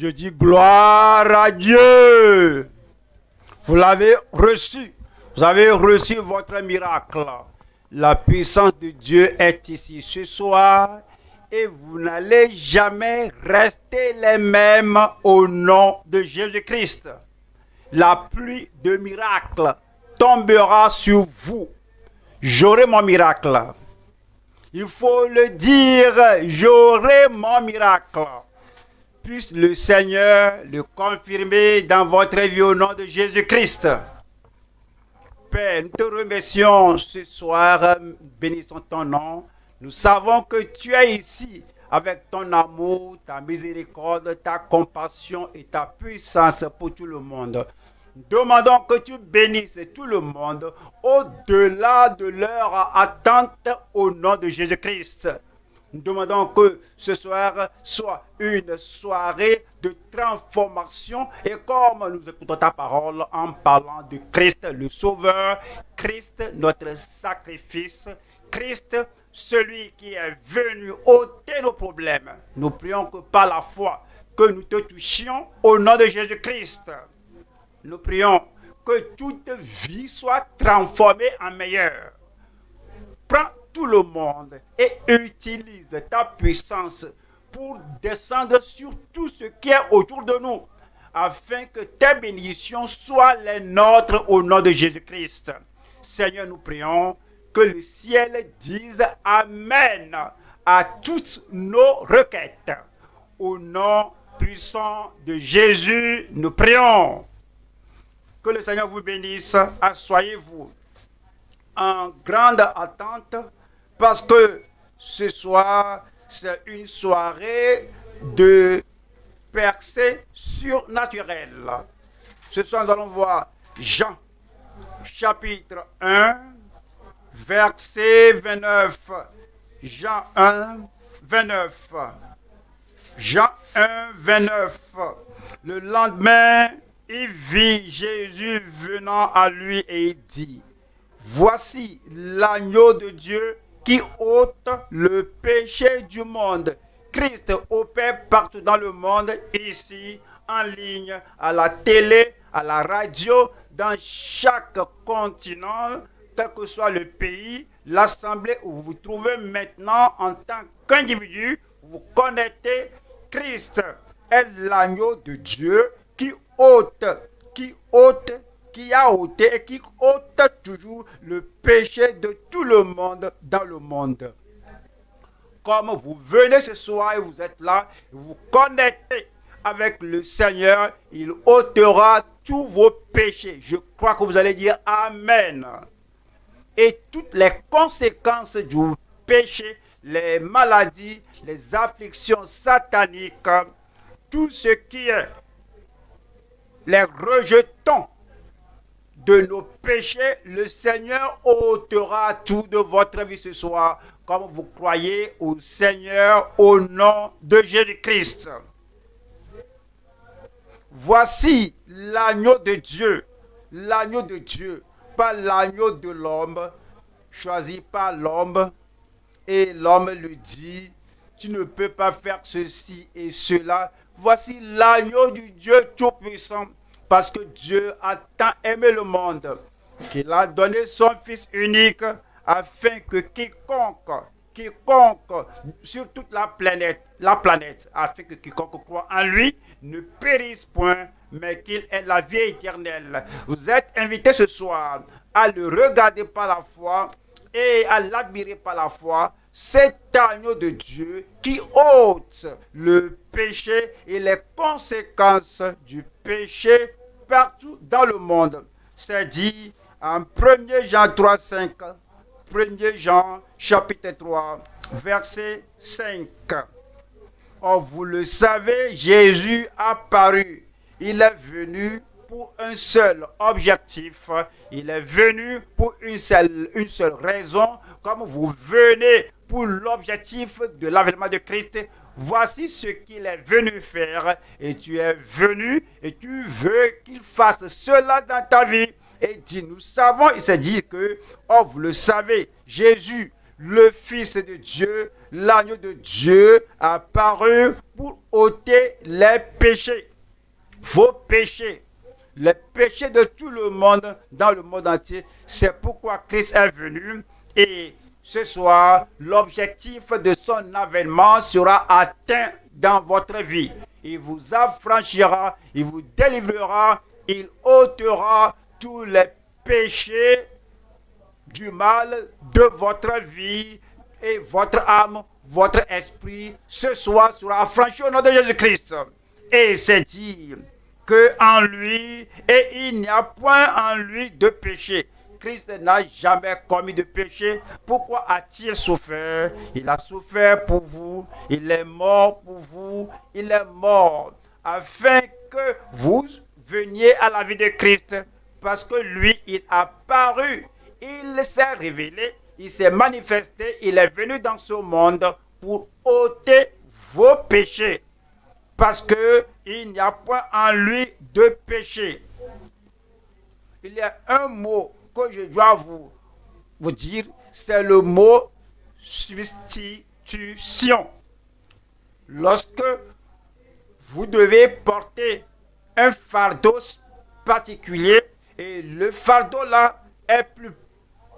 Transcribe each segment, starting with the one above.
Je dis gloire à Dieu. Vous l'avez reçu. Vous avez reçu votre miracle. La puissance de Dieu est ici ce soir et vous n'allez jamais rester les mêmes au nom de Jésus-Christ. La pluie de miracles tombera sur vous. J'aurai mon miracle. Il faut le dire, j'aurai mon miracle puisse le Seigneur le confirmer dans votre vie au nom de Jésus-Christ. Père, nous te remercions ce soir, bénissons ton nom. Nous savons que tu es ici avec ton amour, ta miséricorde, ta compassion et ta puissance pour tout le monde. Demandons que tu bénisses tout le monde au-delà de leur attente au nom de Jésus-Christ. Nous demandons que ce soir soit une soirée de transformation et comme nous écoutons ta parole en parlant de Christ le Sauveur, Christ notre sacrifice, Christ celui qui est venu ôter nos problèmes. Nous prions que par la foi que nous te touchions au nom de Jésus-Christ. Nous prions que toute vie soit transformée en meilleure. Prends tout le monde et utilise ta puissance pour descendre sur tout ce qui est autour de nous, afin que tes bénédictions soient les nôtres au nom de Jésus-Christ. Seigneur, nous prions que le ciel dise Amen à toutes nos requêtes. Au nom puissant de Jésus, nous prions. Que le Seigneur vous bénisse. Assoyez-vous en grande attente parce que ce soir, c'est une soirée de percée surnaturelle. Ce soir, nous allons voir Jean, chapitre 1, verset 29. Jean 1, 29. Jean 1, 29. Le lendemain, il vit Jésus venant à lui et il dit, Voici l'agneau de Dieu ôte le péché du monde. Christ opère partout dans le monde, ici, en ligne, à la télé, à la radio, dans chaque continent, quel que soit le pays, l'assemblée où vous vous trouvez maintenant en tant qu'individu, vous connectez. Christ est l'agneau de Dieu qui ôte, qui ôte qui a ôté et qui ôte toujours le péché de tout le monde dans le monde. Comme vous venez ce soir et vous êtes là, vous connectez avec le Seigneur, il ôtera tous vos péchés. Je crois que vous allez dire Amen. Et toutes les conséquences du péché, les maladies, les afflictions sataniques, tout ce qui est les rejetons de nos péchés, le Seigneur ôtera tout de votre vie ce soir, comme vous croyez au Seigneur au nom de Jésus-Christ. Voici l'agneau de Dieu, l'agneau de Dieu, pas l'agneau de l'homme, choisi par l'homme, et l'homme lui dit, tu ne peux pas faire ceci et cela. Voici l'agneau du Dieu Tout-Puissant parce que Dieu a tant aimé le monde qu'il a donné son Fils unique afin que quiconque, quiconque sur toute la planète, la planète, afin que quiconque croit en lui ne périsse point, mais qu'il ait la vie éternelle. Vous êtes invités ce soir à le regarder par la foi et à l'admirer par la foi, cet agneau de Dieu qui ôte le péché et les conséquences du péché partout dans le monde. C'est dit en 1 Jean 3, 5, 1 Jean chapitre 3, verset 5. Oh, vous le savez, Jésus a paru. Il est venu pour un seul objectif. Il est venu pour une seule, une seule raison. Comme vous venez pour l'objectif de l'avènement de Christ, voici ce qu'il est venu faire, et tu es venu, et tu veux qu'il fasse cela dans ta vie. Et dit, nous savons, il s'est dit que, oh, vous le savez, Jésus, le Fils de Dieu, l'agneau de Dieu, a paru pour ôter les péchés, vos péchés, les péchés de tout le monde dans le monde entier. C'est pourquoi Christ est venu et ce soir, l'objectif de son avènement sera atteint dans votre vie. Il vous affranchira, il vous délivrera, il ôtera tous les péchés du mal de votre vie et votre âme, votre esprit, ce soir sera affranchi au nom de Jésus-Christ. Et c'est dire que en lui, et il n'y a point en lui de péché. Christ n'a jamais commis de péché, pourquoi a-t-il souffert Il a souffert pour vous, il est mort pour vous, il est mort afin que vous veniez à la vie de Christ, parce que lui, il a paru, il s'est révélé, il s'est manifesté, il est venu dans ce monde pour ôter vos péchés, parce qu'il n'y a point en lui de péché. Il y a un mot que je dois vous, vous dire, c'est le mot substitution. Lorsque vous devez porter un fardeau particulier et le fardeau là est plus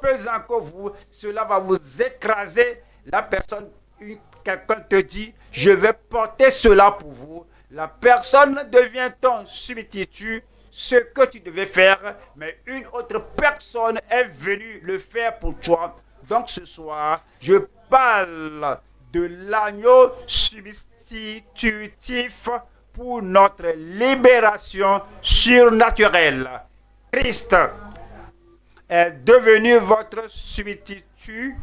pesant que vous, cela va vous écraser. La personne, quelqu'un te dit, je vais porter cela pour vous. La personne devient ton substitut ce que tu devais faire, mais une autre personne est venue le faire pour toi. Donc ce soir, je parle de l'agneau substitutif pour notre libération surnaturelle. Christ est devenu votre substitut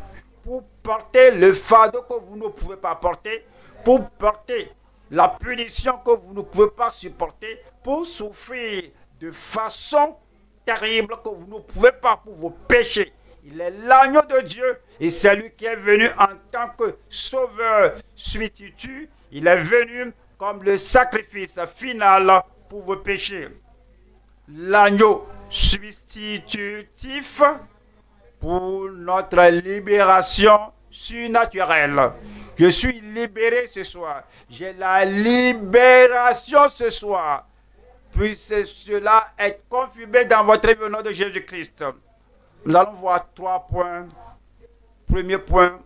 pour porter le fardeau que vous ne pouvez pas porter, pour porter la punition que vous ne pouvez pas supporter, pour souffrir de façon terrible que vous ne pouvez pas pour vos péchés. Il est l'agneau de Dieu et c'est lui qui est venu en tant que sauveur substitut. Il est venu comme le sacrifice final pour vos péchés. L'agneau substitutif pour notre libération surnaturelle. Je suis libéré ce soir. J'ai la libération ce soir puisse cela être confirmé dans votre vie au nom de Jésus-Christ. Nous allons voir trois points. Premier point,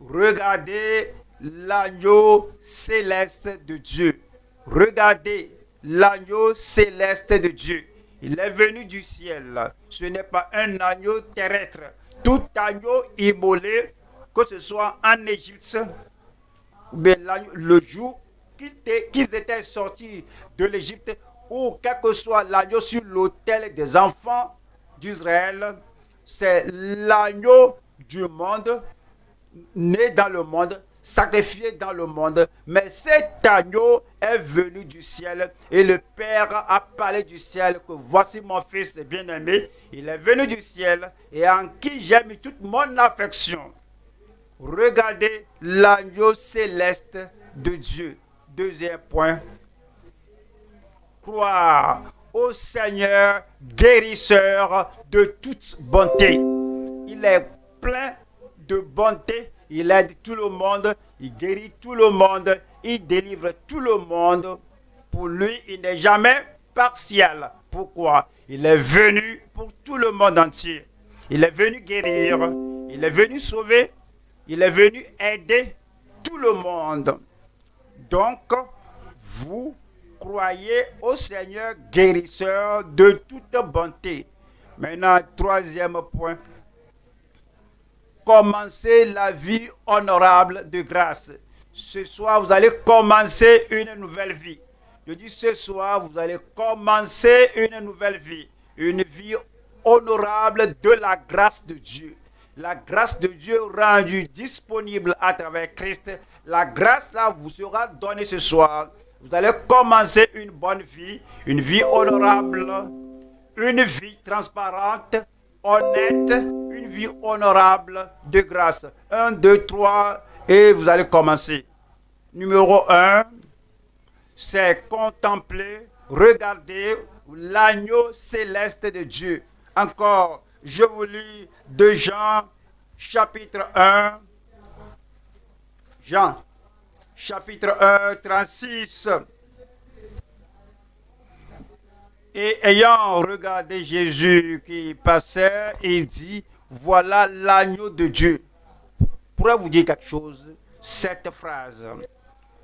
regardez l'agneau céleste de Dieu. Regardez l'agneau céleste de Dieu. Il est venu du ciel. Ce n'est pas un agneau terrestre. Tout agneau immolé, que ce soit en Égypte, le jour qu'ils étaient sortis de l'Égypte, ou quel que soit l'agneau sur l'autel des enfants d'Israël, c'est l'agneau du monde, né dans le monde, sacrifié dans le monde. Mais cet agneau est venu du ciel et le Père a parlé du ciel que voici mon fils bien-aimé, il est venu du ciel et en qui j'ai mis toute mon affection. Regardez l'agneau céleste de Dieu. Deuxième point, au Seigneur guérisseur de toute bonté. Il est plein de bonté, il aide tout le monde, il guérit tout le monde, il délivre tout le monde. Pour lui, il n'est jamais partiel. Pourquoi Il est venu pour tout le monde entier. Il est venu guérir, il est venu sauver, il est venu aider tout le monde. Donc, vous croyez au Seigneur guérisseur de toute bonté. Maintenant, troisième point. Commencez la vie honorable de grâce. Ce soir, vous allez commencer une nouvelle vie. Je dis ce soir, vous allez commencer une nouvelle vie. Une vie honorable de la grâce de Dieu. La grâce de Dieu rendue disponible à travers Christ. La grâce là vous sera donnée ce soir vous allez commencer une bonne vie, une vie honorable, une vie transparente, honnête, une vie honorable de grâce. Un, deux, trois, et vous allez commencer. Numéro un, c'est contempler, regarder l'agneau céleste de Dieu. Encore, je vous lis de Jean chapitre 1. Jean chapitre 1, 36. Et ayant regardé Jésus qui passait, il dit, voilà l'agneau de Dieu. Pourrais vous dire quelque chose Cette phrase,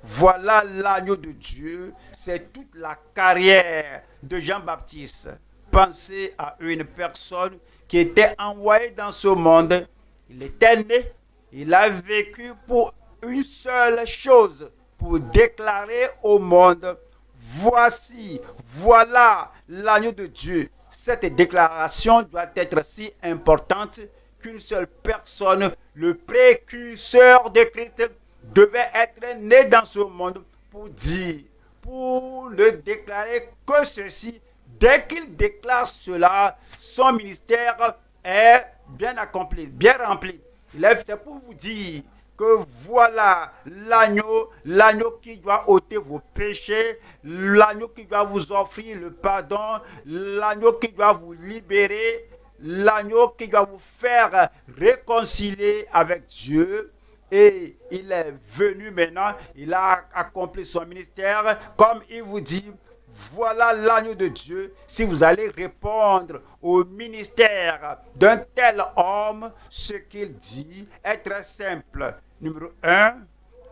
voilà l'agneau de Dieu, c'est toute la carrière de Jean-Baptiste. Pensez à une personne qui était envoyée dans ce monde. Il était né, il a vécu pour une seule chose pour déclarer au monde, voici, voilà l'agneau de Dieu. Cette déclaration doit être si importante qu'une seule personne, le précurseur de Christ, devait être né dans ce monde pour dire, pour le déclarer que ceci. Dès qu'il déclare cela, son ministère est bien accompli, bien rempli. Il est pour vous dire que voilà l'agneau, l'agneau qui doit ôter vos péchés, l'agneau qui doit vous offrir le pardon, l'agneau qui doit vous libérer, l'agneau qui doit vous faire réconcilier avec Dieu. Et il est venu maintenant, il a accompli son ministère, comme il vous dit, voilà l'agneau de Dieu. Si vous allez répondre au ministère d'un tel homme, ce qu'il dit est très simple. Numéro 1,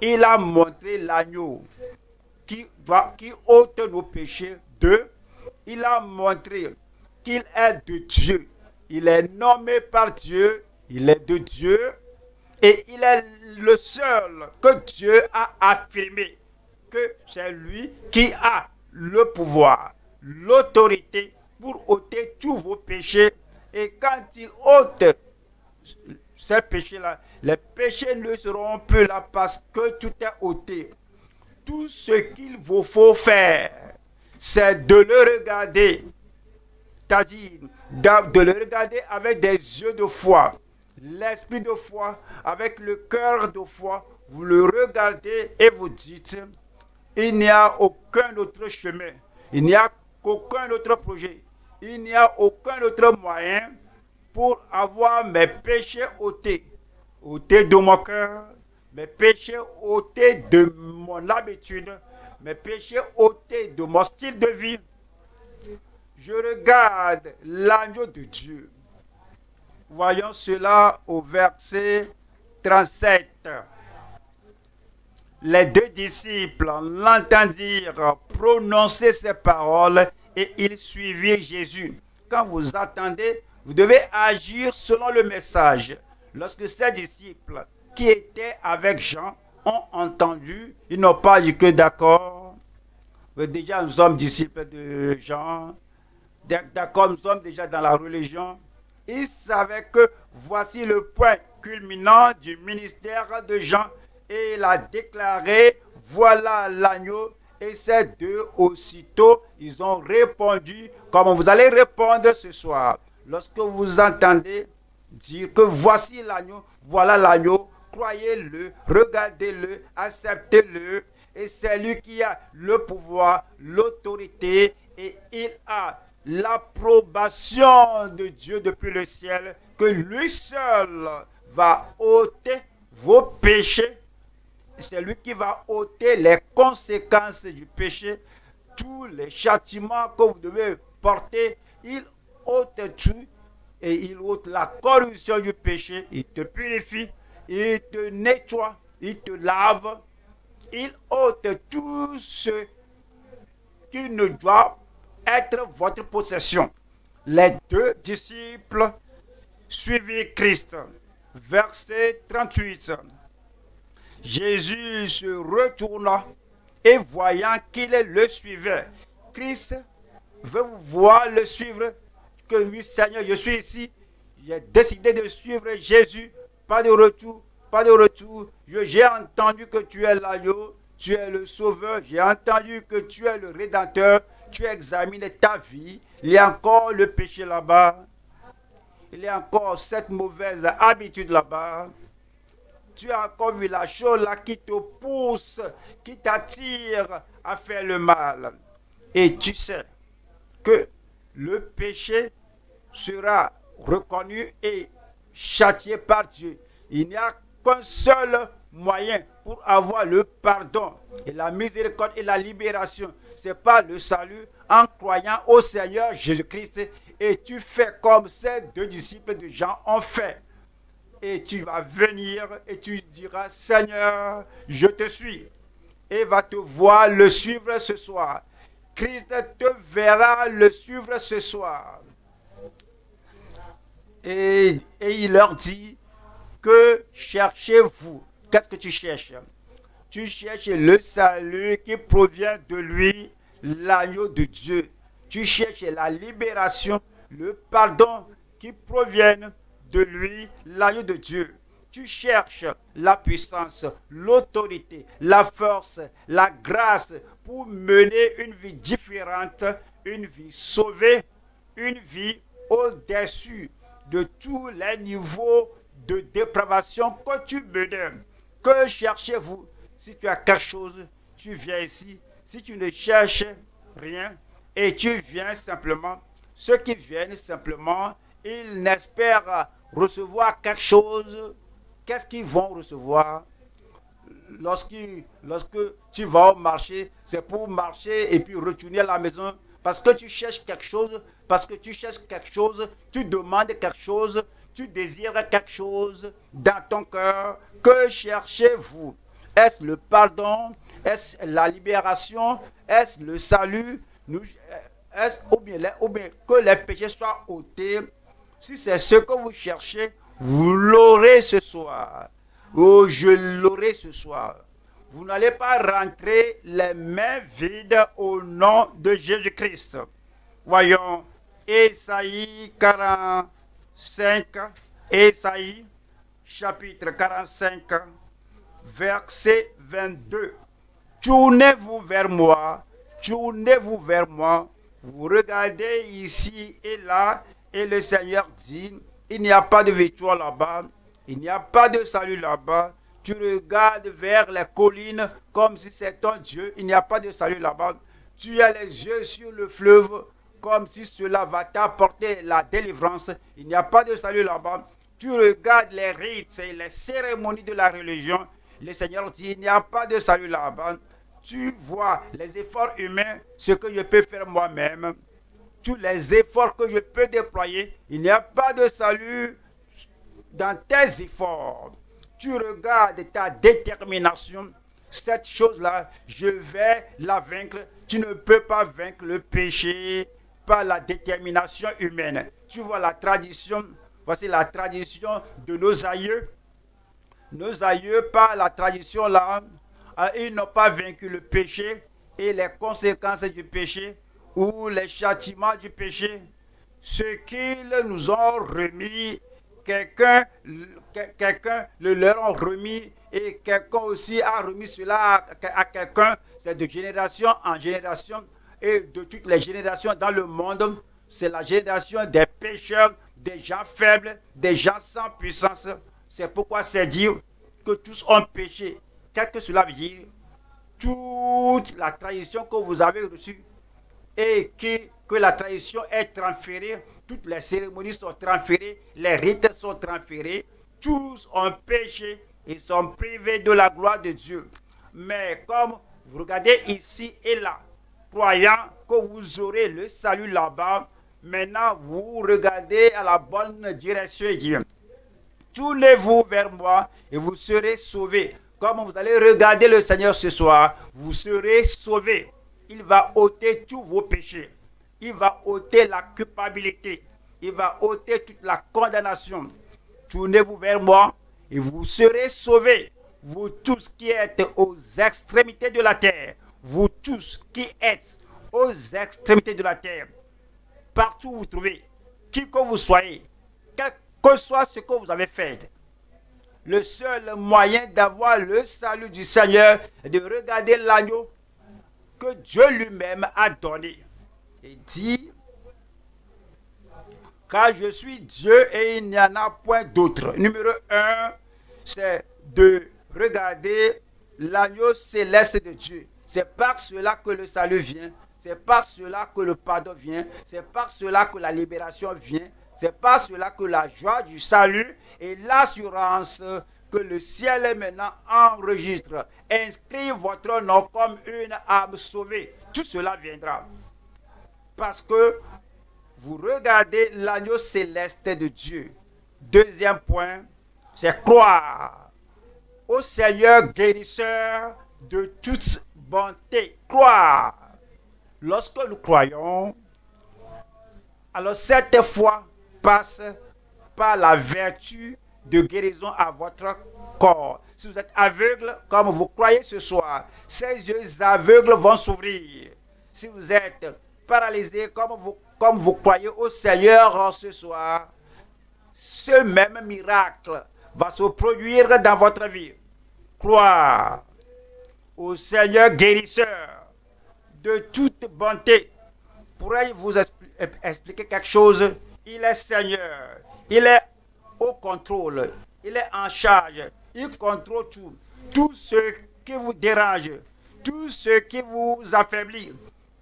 il a montré l'agneau qui, qui ôte nos péchés. Deux, il a montré qu'il est de Dieu. Il est nommé par Dieu, il est de Dieu et il est le seul que Dieu a affirmé que c'est lui qui a le pouvoir, l'autorité pour ôter tous vos péchés. Et quand il ôte ces péchés-là, les péchés ne seront plus là parce que tout est ôté. Tout ce qu'il vous faut faire, c'est de le regarder. C'est-à-dire de le regarder avec des yeux de foi, l'esprit de foi, avec le cœur de foi. Vous le regardez et vous dites, il n'y a aucun autre chemin, il n'y a qu'aucun autre projet, il n'y a aucun autre moyen pour avoir mes péchés ôtés Ôté de mon cœur mes péchés, ôté de mon habitude, mes péchés, ôté de mon style de vie. Je regarde l'agneau de Dieu. Voyons cela au verset 37. Les deux disciples l'entendirent prononcer ces paroles et ils suivirent Jésus. Quand vous attendez, vous devez agir selon le message. Lorsque ses disciples qui étaient avec Jean ont entendu, ils n'ont pas dit que d'accord. Déjà, nous sommes disciples de Jean. D'accord, nous sommes déjà dans la religion. Ils savaient que voici le point culminant du ministère de Jean. Et il a déclaré, voilà l'agneau. Et ces deux, aussitôt, ils ont répondu, comme vous allez répondre ce soir. Lorsque vous entendez dire que voici l'agneau, voilà l'agneau, croyez-le, regardez-le, acceptez-le. Et c'est lui qui a le pouvoir, l'autorité, et il a l'approbation de Dieu depuis le ciel, que lui seul va ôter vos péchés. C'est lui qui va ôter les conséquences du péché, tous les châtiments que vous devez porter. Il ôte tout et il ôte la corruption du péché, il te purifie, il te nettoie, il te lave, il ôte tout ce qui ne doit être votre possession. Les deux disciples suivirent Christ. Verset 38. Jésus se retourna et voyant qu'il le suivait, Christ veut vous voir le suivre que oui Seigneur, je suis ici. J'ai décidé de suivre Jésus. Pas de retour, pas de retour. J'ai entendu que tu es l'agneau, tu es le sauveur. J'ai entendu que tu es le rédempteur. Tu examines ta vie. Il y a encore le péché là-bas. Il y a encore cette mauvaise habitude là-bas tu as encore vu la chose là qui te pousse, qui t'attire à faire le mal. Et tu sais que le péché sera reconnu et châtié par Dieu. Il n'y a qu'un seul moyen pour avoir le pardon et la miséricorde et la libération. C'est pas le salut en croyant au Seigneur Jésus-Christ et tu fais comme ces deux disciples de Jean ont fait. Et tu vas venir et tu diras, Seigneur, je te suis. Et va te voir le suivre ce soir. Christ te verra le suivre ce soir. Et, il leur dit, que cherchez-vous Qu'est-ce que tu cherches Tu cherches le salut qui provient de lui, l'agneau de Dieu. Tu cherches la libération, le pardon qui proviennent de lui, l'agneau de Dieu. Tu cherches la puissance, l'autorité, la force, la grâce pour mener une vie différente, une vie sauvée, une vie au-dessus de tous les niveaux de dépravation que tu me donnes. Que cherchez-vous Si tu as quelque chose, tu viens ici. Si tu ne cherches rien et tu viens simplement, ceux qui viennent simplement, ils n'espèrent recevoir quelque chose. Qu'est-ce qu'ils vont recevoir lorsque, tu vas au marché, c'est pour marcher et puis retourner à la maison parce que tu cherches quelque chose, parce que tu cherches quelque chose, tu demandes quelque chose, tu désires quelque chose dans ton cœur. Que cherchez-vous Est-ce le pardon Est-ce la libération Est-ce le salut euh, est ou bien que les péchés soient ôtés si c'est ce que vous cherchez, vous l'aurez ce soir. Oh, je l'aurai ce soir. Vous n'allez pas rentrer les mains vides au nom de Jésus-Christ. Voyons, Esaïe 45, Esaïe, chapitre 45, verset 22. Tournez-vous vers moi, tournez-vous vers moi. Vous regardez ici et là, et le Seigneur dit, il n'y a pas de victoire là-bas, il n'y a pas de salut là-bas. Tu regardes vers les collines comme si c'est ton Dieu. Il n'y a pas de salut là-bas. Tu as les yeux sur le fleuve comme si cela va t'apporter la délivrance. Il n'y a pas de salut là-bas. Tu regardes les rites et les cérémonies de la religion. Le Seigneur dit, il n'y a pas de salut là-bas. Tu vois les efforts humains, ce que je peux faire moi-même. Tous les efforts que je peux déployer, il n'y a pas de salut dans tes efforts, tu regardes ta détermination, cette chose-là, je vais la vaincre. Tu ne peux pas vaincre le péché par la détermination humaine. Tu vois la tradition, voici la tradition de nos aïeux. Nos aïeux, par la tradition là, hein, ils n'ont pas vaincu le péché et les conséquences du péché ou les châtiments du péché. Ce qu'ils nous ont remis, quelqu'un quelqu'un le leur a remis et quelqu'un aussi a remis cela à, quelqu'un. C'est de génération en génération et de toutes les générations dans le monde. C'est la génération des pécheurs, des gens faibles, des gens sans puissance. C'est pourquoi c'est dire que tous ont péché. Qu'est-ce que cela veut dire Toute la tradition que vous avez reçue, et que la tradition est transférée, toutes les cérémonies sont transférées, les rites sont transférés, tous ont péché et sont privés de la gloire de Dieu. Mais comme vous regardez ici et là, croyant que vous aurez le salut là-bas, maintenant vous regardez à la bonne direction Dieu. Tournez-vous vers moi et vous serez sauvés. Comme vous allez regarder le Seigneur ce soir, vous serez sauvés il va ôter tous vos péchés. Il va ôter la culpabilité. Il va ôter toute la condamnation. Tournez-vous vers moi et vous serez sauvés. Vous tous qui êtes aux extrémités de la terre. Vous tous qui êtes aux extrémités de la terre. Partout où vous trouvez, qui que vous soyez, quel que soit ce que vous avez fait, le seul moyen d'avoir le salut du Seigneur est de regarder l'agneau que Dieu lui-même a donné. Il dit, car je suis Dieu et il n'y en a point d'autre. Numéro un, c'est de regarder l'agneau céleste de Dieu. C'est par cela que le salut vient. C'est par cela que le pardon vient. C'est par cela que la libération vient. C'est par cela que la joie du salut et l'assurance le ciel maintenant enregistre. Inscrivez votre nom comme une âme sauvée. Tout cela viendra. Parce que vous regardez l'agneau céleste de Dieu. Deuxième point, c'est croire au Seigneur guérisseur de toute bonté. Croire. Lorsque nous croyons, alors cette foi passe par la vertu de guérison à votre corps. Si vous êtes aveugle, comme vous croyez ce soir, ces yeux aveugles vont s'ouvrir. Si vous êtes paralysé, comme vous, comme vous croyez au Seigneur ce soir, ce même miracle va se produire dans votre vie. Croire au Seigneur guérisseur de toute bonté. Pourrais-je vous expliquer quelque chose Il est Seigneur. Il est au contrôle. Il est en charge. Il contrôle tout. Tout ce qui vous dérange, tout ce qui vous affaiblit,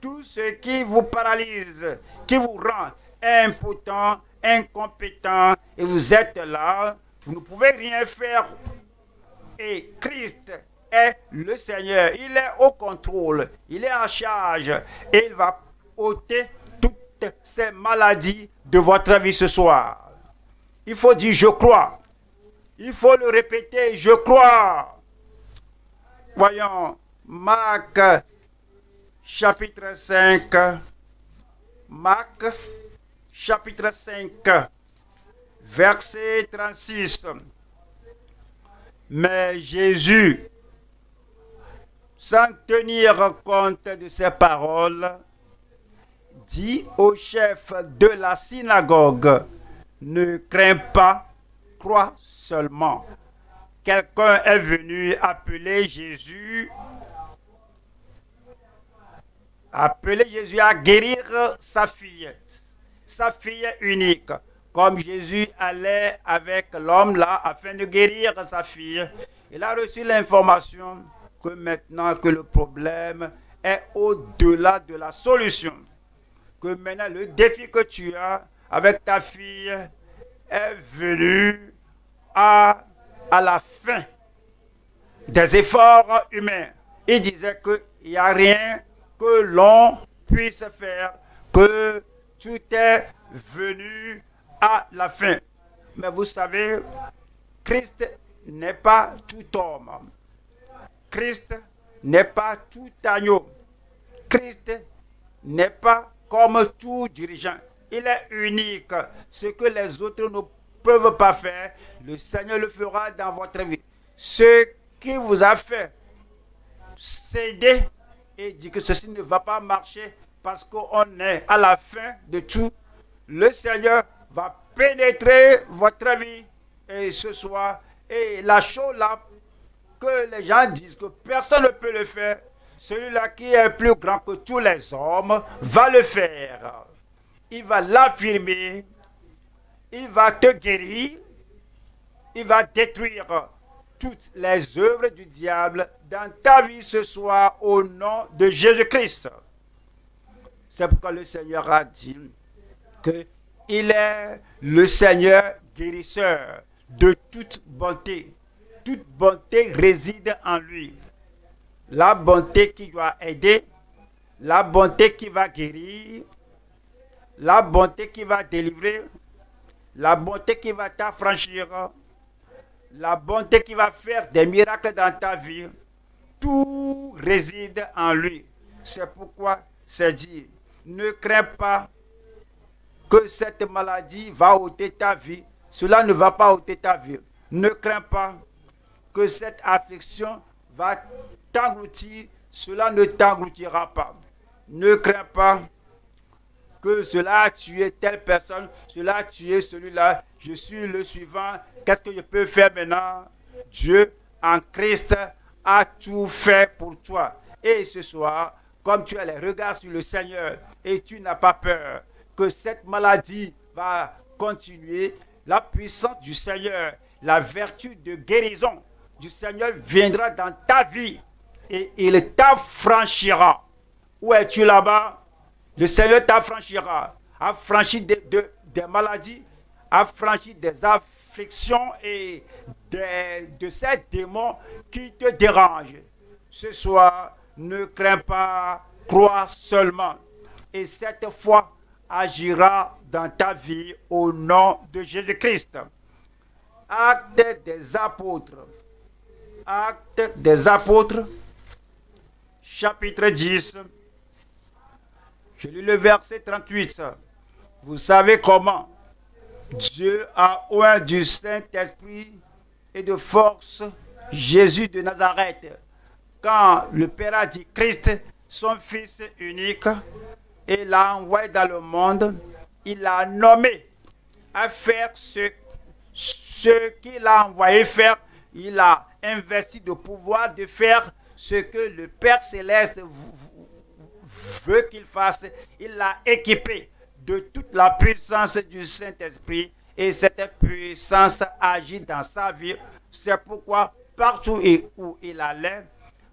tout ce qui vous paralyse, qui vous rend impotent, incompétent, et vous êtes là, vous ne pouvez rien faire. Et Christ est le Seigneur, il est au contrôle, il est en charge, et il va ôter toutes ces maladies de votre vie ce soir. Il faut dire je crois. Il faut le répéter, je crois. Voyons, Marc chapitre 5. Marc chapitre 5, verset 36. Mais Jésus, sans tenir compte de ses paroles, dit au chef de la synagogue, ne crains pas, crois seulement. Quelqu'un est venu appeler Jésus, appeler Jésus à guérir sa fille, sa fille unique comme Jésus allait avec l'homme là afin de guérir sa fille. Il a reçu l'information que maintenant que le problème est au-delà de la solution, que maintenant le défi que tu as, avec ta fille est venu à, à la fin des efforts humains. Il disait qu'il n'y a rien que l'on puisse faire, que tout est venu à la fin. Mais vous savez, Christ n'est pas tout homme. Christ n'est pas tout agneau. Christ n'est pas comme tout dirigeant. Il est unique. Ce que les autres ne peuvent pas faire, le Seigneur le fera dans votre vie. Ce qui vous a fait céder et dire que ceci ne va pas marcher parce qu'on est à la fin de tout, le Seigneur va pénétrer votre vie et ce soir. Et la chose là que les gens disent que personne ne peut le faire, celui-là qui est plus grand que tous les hommes va le faire il va l'affirmer, il va te guérir, il va détruire toutes les œuvres du diable dans ta vie ce soir au nom de Jésus-Christ. C'est pourquoi le Seigneur a dit que il est le Seigneur guérisseur de toute bonté. Toute bonté réside en lui. La bonté qui doit aider, la bonté qui va guérir, la bonté qui va délivrer, la bonté qui va t'affranchir, la bonté qui va faire des miracles dans ta vie, tout réside en lui. C'est pourquoi c'est dit, ne crains pas que cette maladie va ôter ta vie. Cela ne va pas ôter ta vie. Ne crains pas que cette affliction va t'engloutir. Cela ne t'engloutira pas. Ne crains pas que cela a tué telle personne, cela a tué celui-là, je suis le suivant, qu'est-ce que je peux faire maintenant Dieu en Christ a tout fait pour toi. Et ce soir, comme tu as les regards sur le Seigneur et tu n'as pas peur que cette maladie va continuer, la puissance du Seigneur, la vertu de guérison du Seigneur viendra dans ta vie et il t'affranchira. Où es-tu là-bas le Seigneur t'affranchira, affranchi des, maladies, affranchi des afflictions et de ces démons qui te dérangent. Ce soir, ne crains pas, crois seulement. Et cette foi agira dans ta vie au nom de Jésus-Christ. Acte des apôtres. Acte des apôtres, chapitre 10. Je lis le verset 38. Vous savez comment Dieu a oint du Saint-Esprit et de force Jésus de Nazareth, quand le Père a dit Christ, son Fils unique, et l'a envoyé dans le monde, il l'a nommé à faire ce, ce qu'il a envoyé faire. Il a investi de pouvoir de faire ce que le Père céleste veut qu'il fasse, il l'a équipé de toute la puissance du Saint-Esprit et cette puissance agit dans sa vie. C'est pourquoi partout où il allait,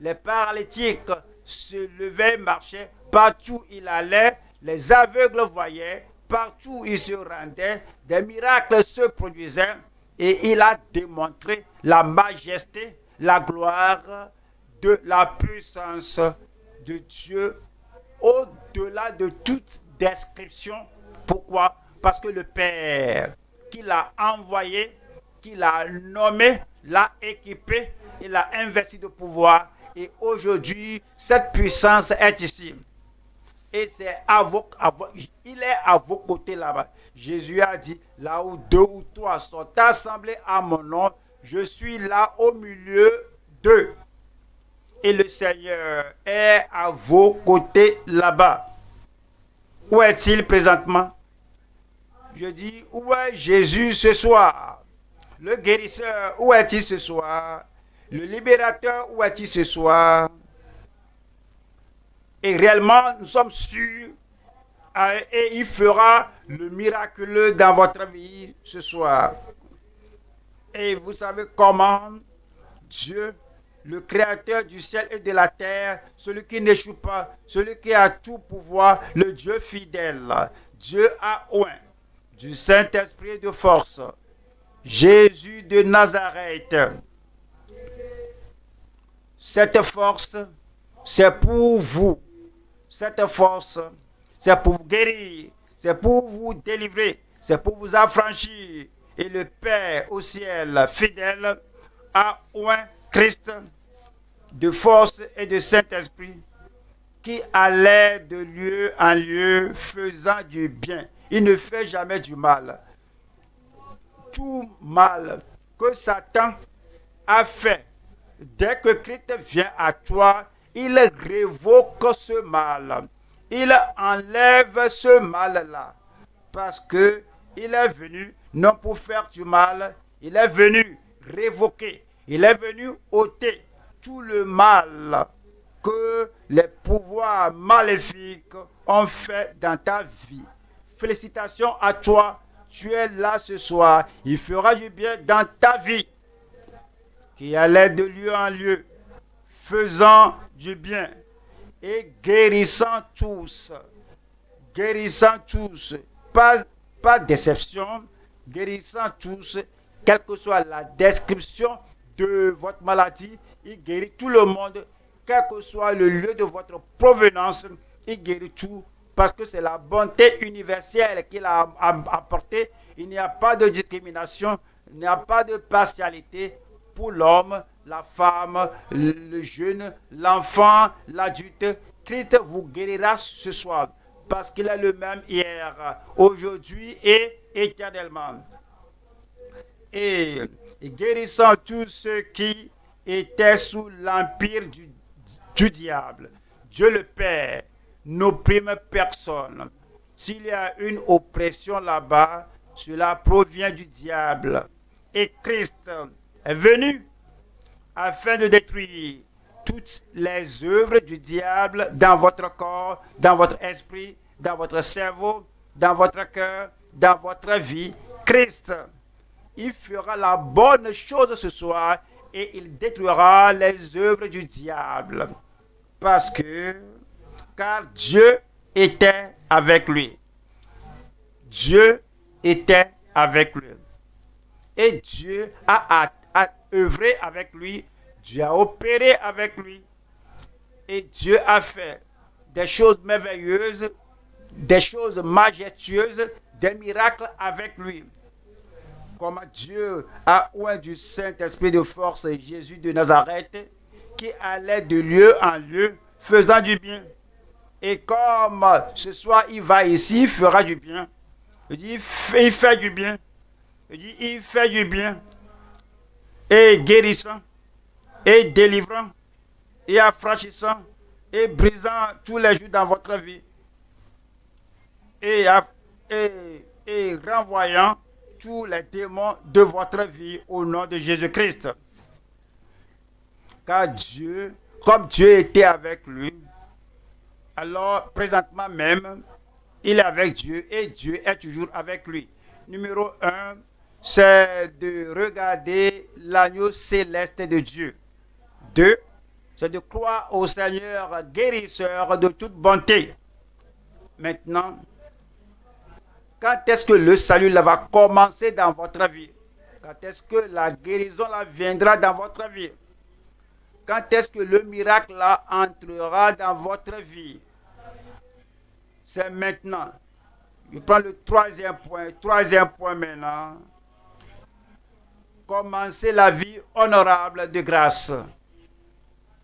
les paralytiques se levaient, marchaient, partout où il allait, les aveugles voyaient, partout où il se rendait, des miracles se produisaient et il a démontré la majesté, la gloire de la puissance de Dieu au-delà de toute description. Pourquoi Parce que le Père qui l'a envoyé, qui l'a nommé, l'a équipé, il l'a investi de pouvoir. Et aujourd'hui, cette puissance est ici. Et c'est à il est à vos côtés là-bas. Jésus a dit, là où deux ou trois sont assemblés à mon nom, je suis là au milieu d'eux et le Seigneur est à vos côtés là-bas. Où est-il présentement Je dis, où est Jésus ce soir Le guérisseur, où est-il ce soir Le libérateur, où est-il ce soir Et réellement, nous sommes sûrs, hein, et il fera le miraculeux dans votre vie ce soir. Et vous savez comment Dieu le créateur du ciel et de la terre, celui qui n'échoue pas, celui qui a tout pouvoir, le Dieu fidèle, Dieu à oint, du Saint-Esprit de force, Jésus de Nazareth. Cette force, c'est pour vous. Cette force, c'est pour vous guérir, c'est pour vous délivrer, c'est pour vous affranchir. Et le Père au ciel fidèle a oint Christ, de force et de Saint-Esprit, qui allait de lieu en lieu faisant du bien. Il ne fait jamais du mal. Tout mal que Satan a fait, dès que Christ vient à toi, il révoque ce mal. Il enlève ce mal-là. Parce que il est venu non pour faire du mal, il est venu révoquer il est venu ôter tout le mal que les pouvoirs maléfiques ont fait dans ta vie. Félicitations à toi. Tu es là ce soir. Il fera du bien dans ta vie. Qui allait de lieu en lieu, faisant du bien et guérissant tous. Guérissant tous. Pas, pas déception. Guérissant tous, quelle que soit la description de votre maladie. Il guérit tout le monde, quel que soit le lieu de votre provenance. Il guérit tout parce que c'est la bonté universelle qu'il a apportée. Il n'y a pas de discrimination, il n'y a pas de partialité pour l'homme, la femme, le jeune, l'enfant, l'adulte. Christ vous guérira ce soir parce qu'il est le même hier, aujourd'hui et éternellement et, guérissant tous ceux qui étaient sous l'empire du, du diable. Dieu le Père n'opprime personne. S'il y a une oppression là-bas, cela provient du diable. Et Christ est venu afin de détruire toutes les œuvres du diable dans votre corps, dans votre esprit, dans votre cerveau, dans votre cœur, dans votre vie. Christ il fera la bonne chose ce soir et il détruira les œuvres du diable. Parce que, car Dieu était avec lui. Dieu était avec lui. Et Dieu a, œuvré avec lui. Dieu a opéré avec lui. Et Dieu a fait des choses merveilleuses, des choses majestueuses, des miracles avec lui comme Dieu a oué du Saint-Esprit de force Jésus de Nazareth, qui allait de lieu en lieu, faisant du bien. Et comme ce soir il va ici, il fera du bien. Il il fait du bien. Il fait du bien. Et guérissant, et délivrant, et affranchissant, et brisant tous les jours dans votre vie. Et, et, et renvoyant tous les démons de votre vie au nom de Jésus-Christ. Car Dieu, comme Dieu était avec lui, alors présentement même, il est avec Dieu et Dieu est toujours avec lui. Numéro 1, c'est de regarder l'agneau céleste de Dieu. 2. C'est de croire au Seigneur guérisseur de toute bonté. Maintenant, quand est-ce que le salut va commencer dans votre vie Quand est-ce que la guérison viendra dans votre vie Quand est-ce que le miracle entrera dans votre vie C'est maintenant. Je prends le troisième point. Troisième point maintenant. Commencez la vie honorable de grâce.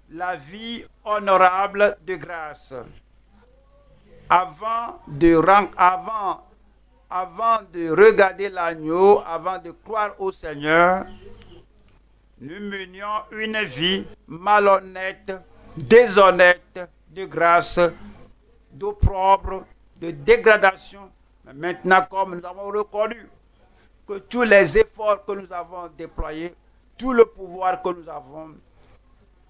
La vie honorable de grâce. Avant de, avant avant de regarder l'agneau, avant de croire au Seigneur, nous menions une vie malhonnête, déshonnête, de grâce, d'opprobre, de dégradation. maintenant, comme nous avons reconnu que tous les efforts que nous avons déployés, tout le pouvoir que nous avons,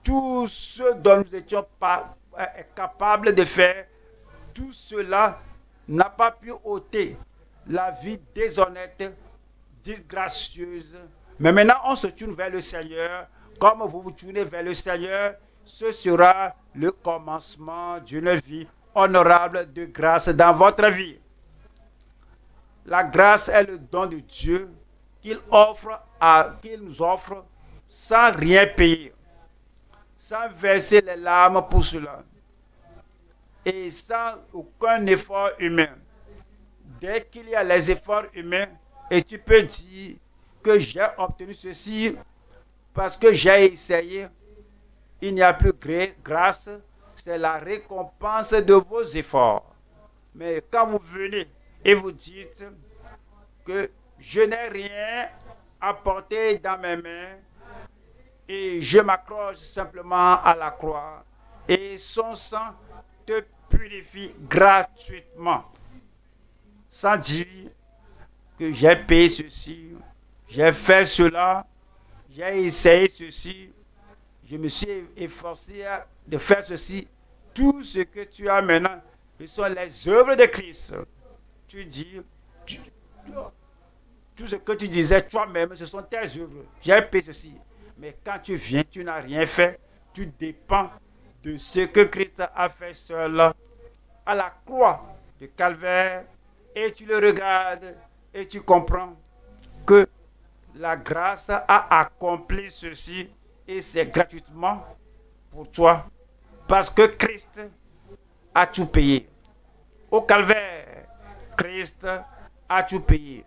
tout ce dont nous étions pas, euh, capables de faire, tout cela n'a pas pu ôter la vie déshonnête, disgracieuse. Mais maintenant, on se tourne vers le Seigneur. Comme vous vous tournez vers le Seigneur, ce sera le commencement d'une vie honorable de grâce dans votre vie. La grâce est le don de Dieu qu'il offre à qu'il nous offre sans rien payer, sans verser les larmes pour cela et sans aucun effort humain dès qu'il y a les efforts humains, et tu peux dire que j'ai obtenu ceci parce que j'ai essayé, il n'y a plus grâce, c'est la récompense de vos efforts. Mais quand vous venez et vous dites que je n'ai rien apporté dans mes mains et je m'accroche simplement à la croix et son sang te purifie gratuitement sans dire que j'ai payé ceci, j'ai fait cela, j'ai essayé ceci, je me suis efforcé de faire ceci. Tout ce que tu as maintenant, ce sont les œuvres de Christ. Tu dis, tout ce que tu disais toi-même, ce sont tes œuvres. J'ai payé ceci. Mais quand tu viens, tu n'as rien fait. Tu dépends de ce que Christ a fait seul à la croix de calvaire et tu le regardes et tu comprends que la grâce a accompli ceci et c'est gratuitement pour toi parce que Christ a tout payé. Au calvaire, Christ a tout payé.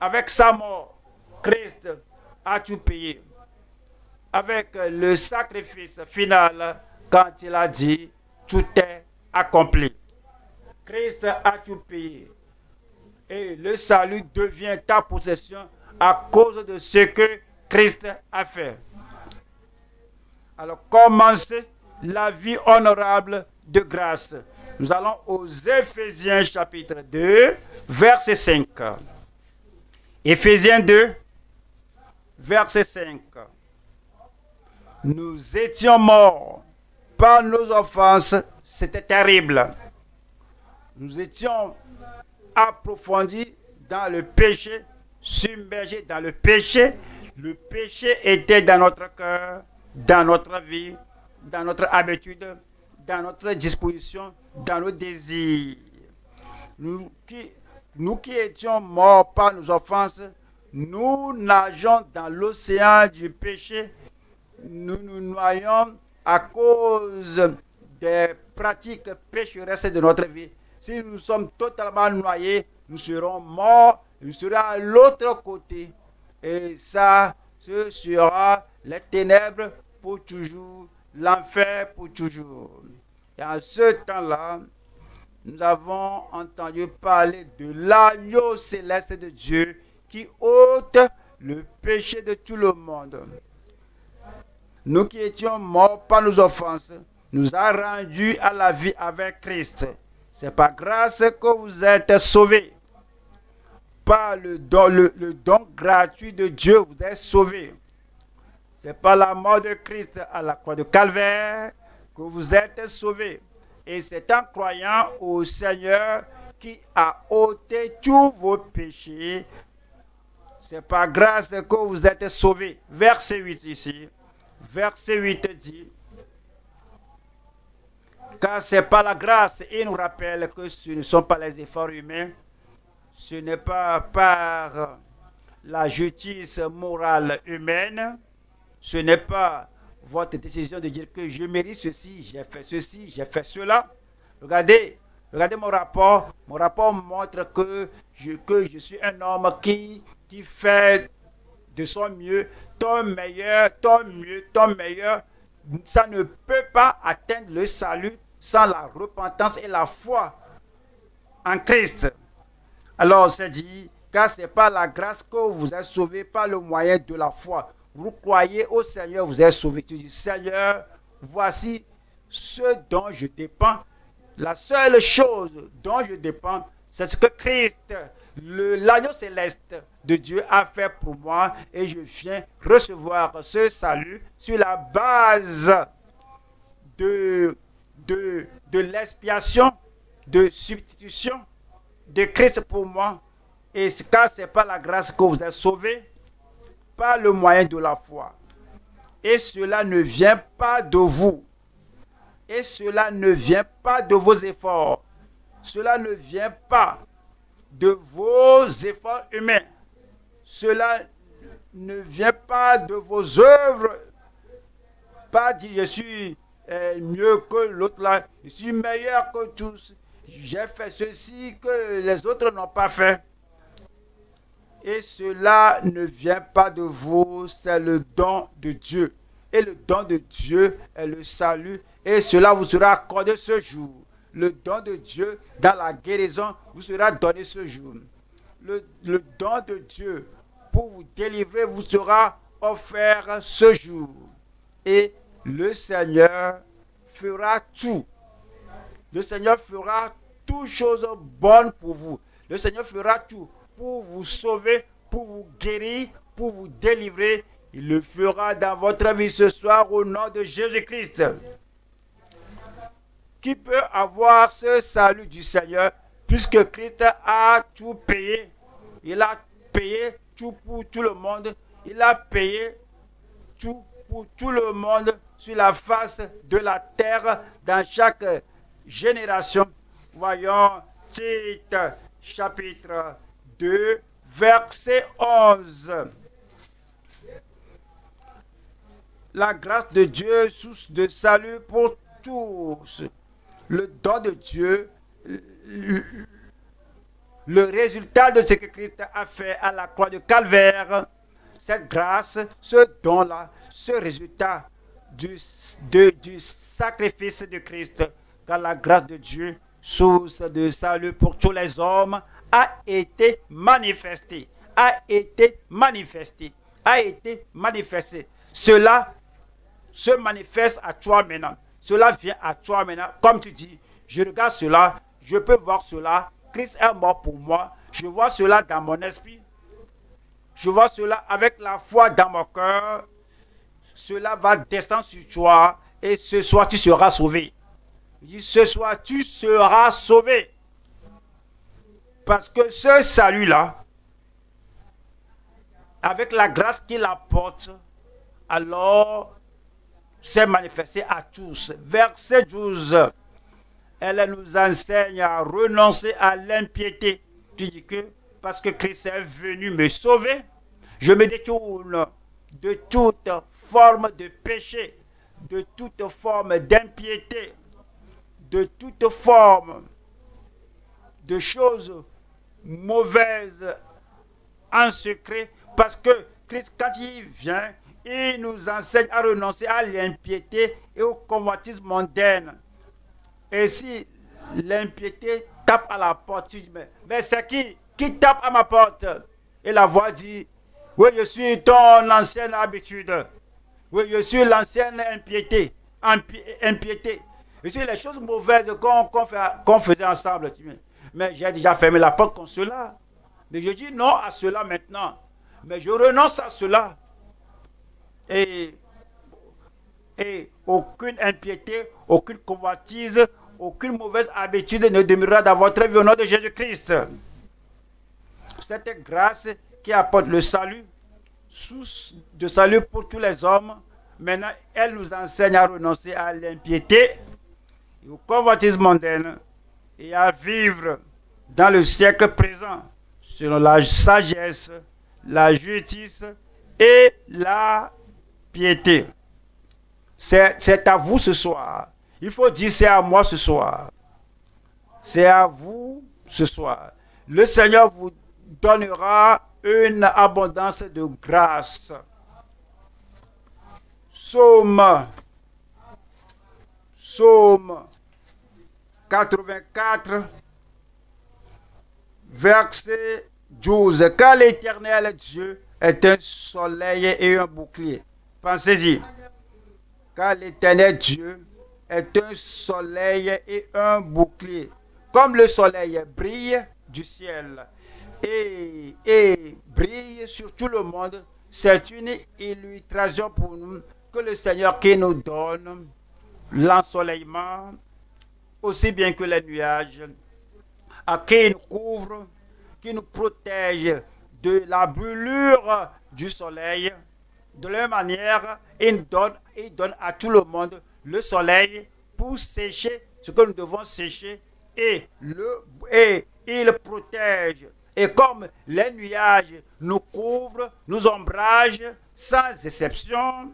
Avec sa mort, Christ a tout payé. Avec le sacrifice final, quand il a dit, tout est accompli. Christ a tout payé et le salut devient ta possession à cause de ce que Christ a fait. Alors commencez la vie honorable de grâce. Nous allons aux Éphésiens chapitre 2, verset 5. Éphésiens 2, verset 5. Nous étions morts par nos offenses, c'était terrible. Nous étions approfondi dans le péché, submergé dans le péché. Le péché était dans notre cœur, dans notre vie, dans notre habitude, dans notre disposition, dans nos désirs. Nous qui, nous qui étions morts par nos offenses, nous nageons dans l'océan du péché, nous nous noyons à cause des pratiques pécheresses de notre vie. Si nous sommes totalement noyés, nous serons morts, nous serons à l'autre côté. Et ça, ce sera les ténèbres pour toujours, l'enfer pour toujours. Et en ce temps-là, nous avons entendu parler de l'agneau céleste de Dieu qui ôte le péché de tout le monde. Nous qui étions morts par nos offenses, nous a rendus à la vie avec Christ. C'est par grâce que vous êtes sauvés. Par le don, don gratuit de Dieu, vous êtes sauvés. C'est par la mort de Christ à la croix de Calvaire que vous êtes sauvés. Et c'est en croyant au Seigneur qui a ôté tous vos péchés. C'est par grâce que vous êtes sauvés. Verset 8 ici. Verset 8 dit, car c'est pas la grâce, il nous rappelle que ce ne sont pas les efforts humains, ce n'est pas par la justice morale humaine, ce n'est pas votre décision de dire que je mérite ceci, j'ai fait ceci, j'ai fait cela. Regardez, regardez mon rapport. Mon rapport montre que je, que je suis un homme qui, qui fait de son mieux, ton meilleur, ton mieux, ton meilleur. Ça ne peut pas atteindre le salut sans la repentance et la foi en Christ. Alors c'est dit, car c'est pas la grâce que vous êtes sauvés par le moyen de la foi. Vous croyez au Seigneur, vous êtes sauvés. Tu dis, Seigneur, voici ce dont je dépends. La seule chose dont je dépends, c'est ce que Christ, l'agneau céleste de Dieu, a fait pour moi. Et je viens recevoir ce salut sur la base de de, de l'expiation, de substitution de Christ pour moi. Et car c'est pas la grâce que vous êtes sauvé. Pas le moyen de la foi. Et cela ne vient pas de vous. Et cela ne vient pas de vos efforts. Cela ne vient pas de vos efforts humains. Cela ne vient pas de vos œuvres. Pas dit, je suis est mieux que l'autre là. Je suis meilleur que tous. J'ai fait ceci que les autres n'ont pas fait. Et cela ne vient pas de vous, c'est le don de Dieu. Et le don de Dieu est le salut. Et cela vous sera accordé ce jour. Le don de Dieu dans la guérison vous sera donné ce jour. Le, le don de Dieu pour vous délivrer vous sera offert ce jour. Et le Seigneur fera tout. Le Seigneur fera toutes choses bonnes pour vous. Le Seigneur fera tout pour vous sauver, pour vous guérir, pour vous délivrer. Il le fera dans votre vie ce soir au nom de Jésus-Christ. Qui peut avoir ce salut du Seigneur puisque Christ a tout payé Il a payé tout pour tout le monde. Il a payé tout tout le monde sur la face de la terre dans chaque génération. Voyons titre chapitre 2 verset 11. La grâce de Dieu, source de salut pour tous. Le don de Dieu, le résultat de ce que Christ a fait à la croix de Calvaire, cette grâce, ce don-là, ce résultat du, du sacrifice de Christ, car la grâce de Dieu, source de salut pour tous les hommes, a été manifesté, a été manifesté, a été manifesté. Cela se manifeste à toi maintenant. Cela vient à toi maintenant. Comme tu dis, je regarde cela, je peux voir cela. Christ est mort pour moi. Je vois cela dans mon esprit. Je vois cela avec la foi dans mon cœur cela va descendre sur toi et ce soir tu seras sauvé. Il ce soir tu seras sauvé. Parce que ce salut-là, avec la grâce qu'il apporte, alors s'est manifesté à tous. Verset 12, elle nous enseigne à renoncer à l'impiété. Tu dis que parce que Christ est venu me sauver, je me détourne de toute de péché, de toute forme d'impiété, de toute forme de choses mauvaises en secret, parce que Christ, quand il vient, il nous enseigne à renoncer à l'impiété et au convoitisme mondaine. Et si l'impiété tape à la porte, mais, mais c'est qui qui tape à ma porte Et la voix dit, oui, je suis ton ancienne habitude. Oui, je suis l'ancienne impiété. Je suis les choses mauvaises qu'on faisait ensemble. Mais j'ai déjà fermé la porte contre cela. Mais je dis non à cela maintenant. Mais je renonce à cela. Et, et aucune impiété, aucune convoitise, aucune mauvaise habitude ne demeurera dans votre vie au nom de Jésus-Christ. Cette grâce qui apporte le salut, source de salut pour tous les hommes, Maintenant, elle nous enseigne à renoncer à l'impiété, au convoitise mondaine et à vivre dans le siècle présent selon la sagesse, la justice et la piété. C'est à vous ce soir. Il faut dire c'est à moi ce soir. C'est à vous ce soir. Le Seigneur vous donnera une abondance de grâce. Psaume, 84, verset 12. Car l'éternel Dieu est un soleil et un bouclier. Pensez-y. Car l'éternel Dieu est un soleil et un bouclier. Comme le soleil brille du ciel et, et brille sur tout le monde, c'est une illustration pour nous que le Seigneur qui nous donne l'ensoleillement, aussi bien que les nuages, à qui nous couvre, qui nous protège de la brûlure du soleil. De la même manière, il donne, donne à tout le monde le soleil pour sécher ce que nous devons sécher et, et il protège. Et comme les nuages nous couvrent, nous ombragent sans exception,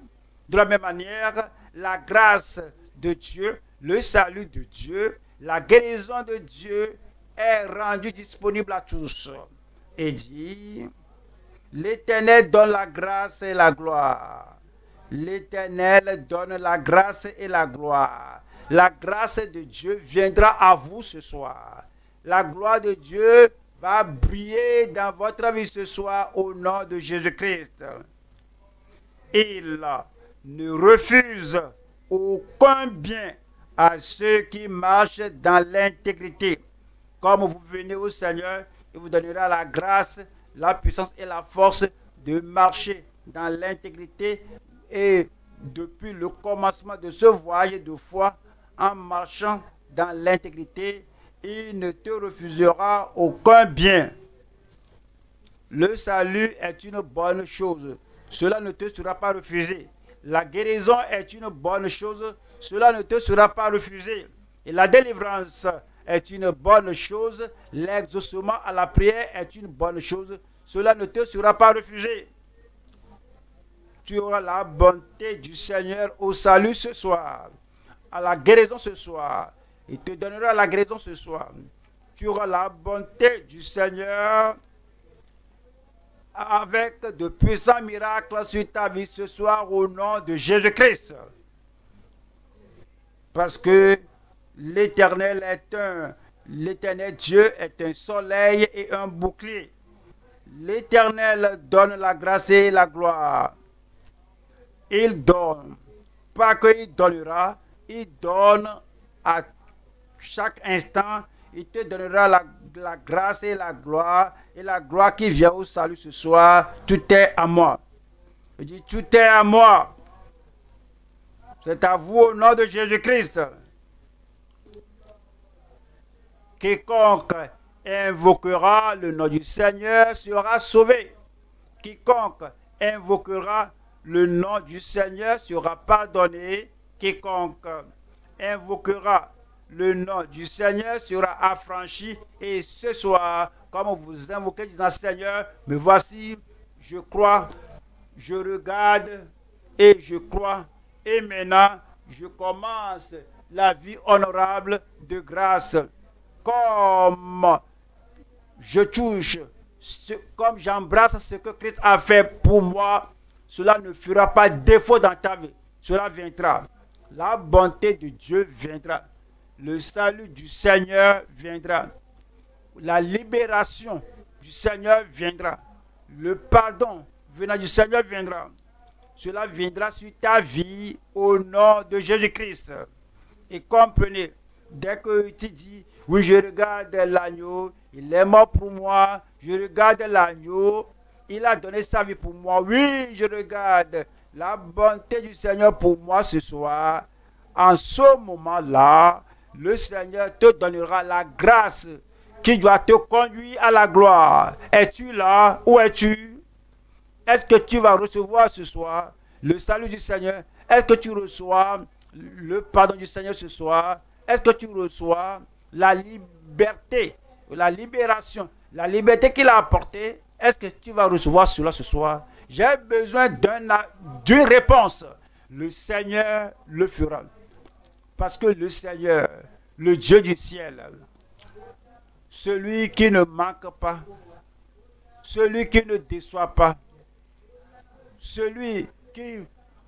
de la même manière, la grâce de Dieu, le salut de Dieu, la guérison de Dieu est rendue disponible à tous. Et dit, l'Éternel donne la grâce et la gloire. L'Éternel donne la grâce et la gloire. La grâce de Dieu viendra à vous ce soir. La gloire de Dieu va briller dans votre vie ce soir au nom de Jésus-Christ. Il ne refuse aucun bien à ceux qui marchent dans l'intégrité. Comme vous venez au Seigneur, il vous donnera la grâce, la puissance et la force de marcher dans l'intégrité et depuis le commencement de ce voyage de foi, en marchant dans l'intégrité, il ne te refusera aucun bien. Le salut est une bonne chose. Cela ne te sera pas refusé la guérison est une bonne chose, cela ne te sera pas refusé. Et la délivrance est une bonne chose, l'exaucement à la prière est une bonne chose, cela ne te sera pas refusé. Tu auras la bonté du Seigneur au salut ce soir, à la guérison ce soir. Il te donnera la guérison ce soir. Tu auras la bonté du Seigneur avec de puissants miracles sur ta vie ce soir au nom de Jésus-Christ. Parce que l'Éternel est un, l'Éternel Dieu est un soleil et un bouclier. L'Éternel donne la grâce et la gloire. Il donne, pas qu'il donnera, il donne à chaque instant, il te donnera la la grâce et la gloire et la gloire qui vient au salut ce soir. Tout est à moi. Je dis, tout est à moi. C'est à vous au nom de Jésus-Christ. Quiconque invoquera le nom du Seigneur sera sauvé. Quiconque invoquera le nom du Seigneur sera pardonné. Quiconque invoquera le nom du Seigneur sera affranchi. Et ce soir, comme vous invoquez, disant Seigneur, me voici, je crois, je regarde et je crois. Et maintenant, je commence la vie honorable de grâce. Comme je touche, comme j'embrasse ce que Christ a fait pour moi, cela ne fera pas défaut dans ta vie. Cela viendra. La bonté de Dieu viendra le salut du Seigneur viendra. La libération du Seigneur viendra. Le pardon venant du Seigneur viendra. Cela viendra sur ta vie au nom de Jésus-Christ. Et comprenez, dès que tu dis, oui, je regarde l'agneau, il est mort pour moi, je regarde l'agneau, il a donné sa vie pour moi, oui, je regarde la bonté du Seigneur pour moi ce soir. En ce moment-là, le Seigneur te donnera la grâce qui doit te conduire à la gloire. Es-tu là? Où es-tu? Est-ce que tu vas recevoir ce soir le salut du Seigneur? Est-ce que tu reçois le pardon du Seigneur ce soir? Est-ce que tu reçois la liberté, la libération, la liberté qu'il a apportée? Est-ce que tu vas recevoir cela ce soir? J'ai besoin d'une réponse. Le Seigneur le fera. Parce que le Seigneur, le Dieu du ciel, celui qui ne manque pas, celui qui ne déçoit pas, celui qui,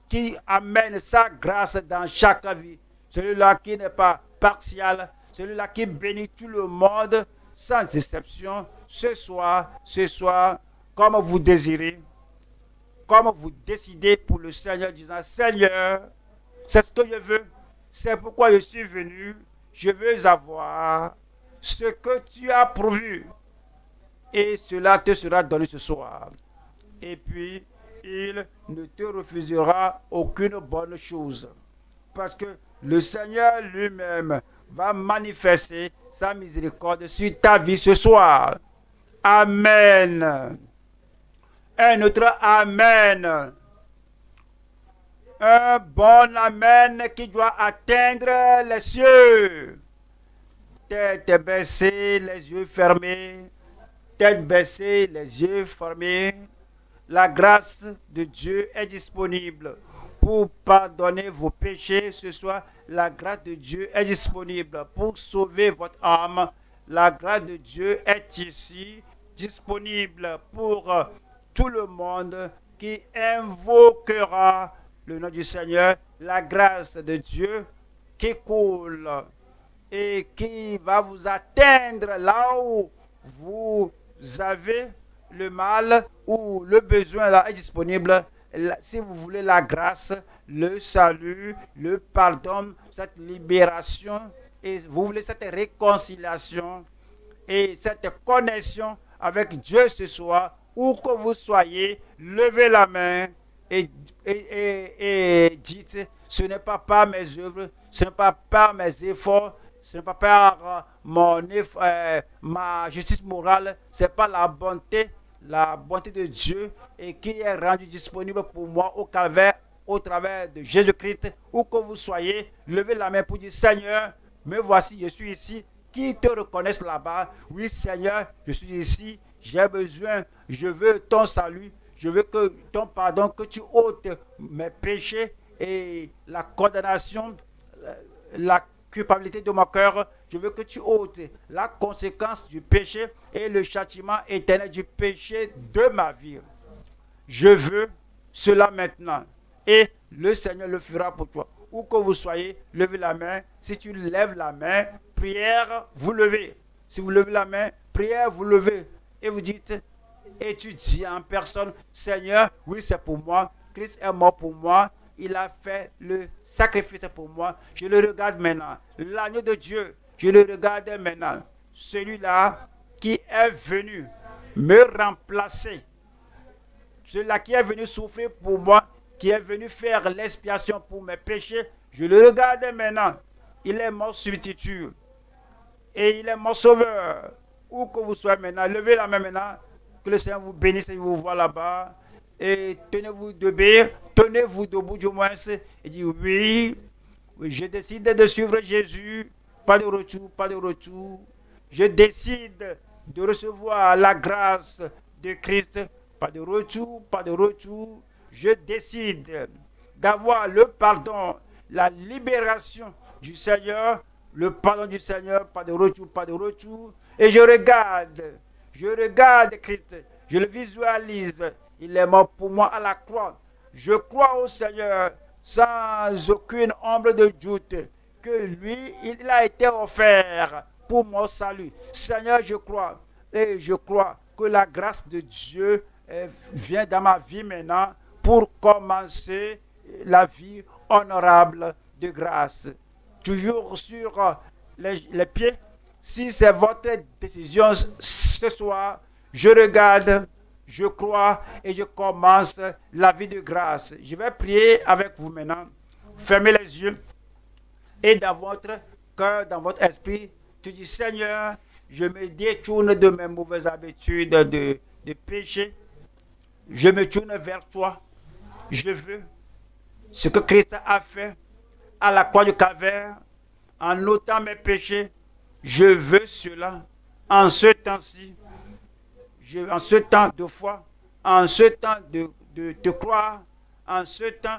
qui amène sa grâce dans chaque vie, celui-là qui n'est pas partial, celui-là qui bénit tout le monde sans exception, ce soir, ce soir, comme vous désirez, comme vous décidez pour le Seigneur, disant Seigneur, c'est ce que je veux. C'est pourquoi je suis venu. Je veux avoir ce que tu as pourvu. Et cela te sera donné ce soir. Et puis, il ne te refusera aucune bonne chose. Parce que le Seigneur lui-même va manifester sa miséricorde sur ta vie ce soir. Amen. Un autre Amen un bon Amen qui doit atteindre les cieux. Tête baissée, les yeux fermés. Tête baissée, les yeux fermés. La grâce de Dieu est disponible pour pardonner vos péchés ce soir. La grâce de Dieu est disponible pour sauver votre âme. La grâce de Dieu est ici, disponible pour tout le monde qui invoquera le nom du Seigneur, la grâce de Dieu qui coule et qui va vous atteindre là où vous avez le mal ou le besoin là est disponible. si vous voulez la grâce, le salut, le pardon, cette libération, et vous voulez cette réconciliation et cette connexion avec Dieu ce soir, où que vous soyez, levez la main et, dites, ce n'est pas par mes œuvres, ce n'est pas par mes efforts, ce n'est pas par euh, mon, euh, ma justice morale, c'est pas la bonté, la bonté de Dieu et qui est rendue disponible pour moi au calvaire au travers de Jésus-Christ, où que vous soyez, levez la main pour dire Seigneur, me voici, je suis ici. Qui te reconnaissent là-bas Oui, Seigneur, je suis ici, j'ai besoin, je veux ton salut, je veux que ton pardon, que tu ôtes mes péchés et la condamnation, euh, la culpabilité de mon cœur. Je veux que tu ôtes la conséquence du péché et le châtiment éternel du péché de ma vie. Je veux cela maintenant. Et le Seigneur le fera pour toi. Où que vous soyez, levez la main. Si tu lèves la main, prière, vous levez. Si vous levez la main, prière, vous levez. Et vous dites, et tu dis en personne, Seigneur, oui, c'est pour moi. Christ est mort pour moi. Il a fait le sacrifice pour moi. Je le regarde maintenant. L'agneau de Dieu, je le regarde maintenant. Celui-là qui est venu me remplacer. Celui-là qui est venu souffrir pour moi, qui est venu faire l'expiation pour mes péchés, je le regarde maintenant. Il est mon substitut. Et il est mon sauveur. Où que vous soyez maintenant, levez la main maintenant. Que le Seigneur vous bénisse et vous voit là-bas. Et tenez-vous debout, tenez-vous debout du moins. Et dites oui, oui, je décide de suivre Jésus. Pas de retour, pas de retour. Je décide de recevoir la grâce de Christ. Pas de retour, pas de retour. Je décide d'avoir le pardon, la libération du Seigneur, le pardon du Seigneur, pas de retour, pas de retour. Et je regarde je regarde Christ, je le visualise. Il est mort pour moi à la croix. Je crois au Seigneur sans aucune ombre de doute que lui, il a été offert pour mon salut. Seigneur, je crois et je crois que la grâce de Dieu euh, vient dans ma vie maintenant pour commencer la vie honorable de grâce. Toujours sur euh, les pieds si c'est votre décision ce soir, je regarde, je crois et je commence la vie de grâce. Je vais prier avec vous maintenant. Fermez les yeux et dans votre cœur, dans votre esprit, tu dis Seigneur, je me détourne de mes mauvaises habitudes de, de péché. Je me tourne vers toi. Je veux ce que Christ a fait à la croix du calvaire en ôtant mes péchés je veux cela en ce temps-ci, en ce temps de foi, en ce temps de, te croire, en ce temps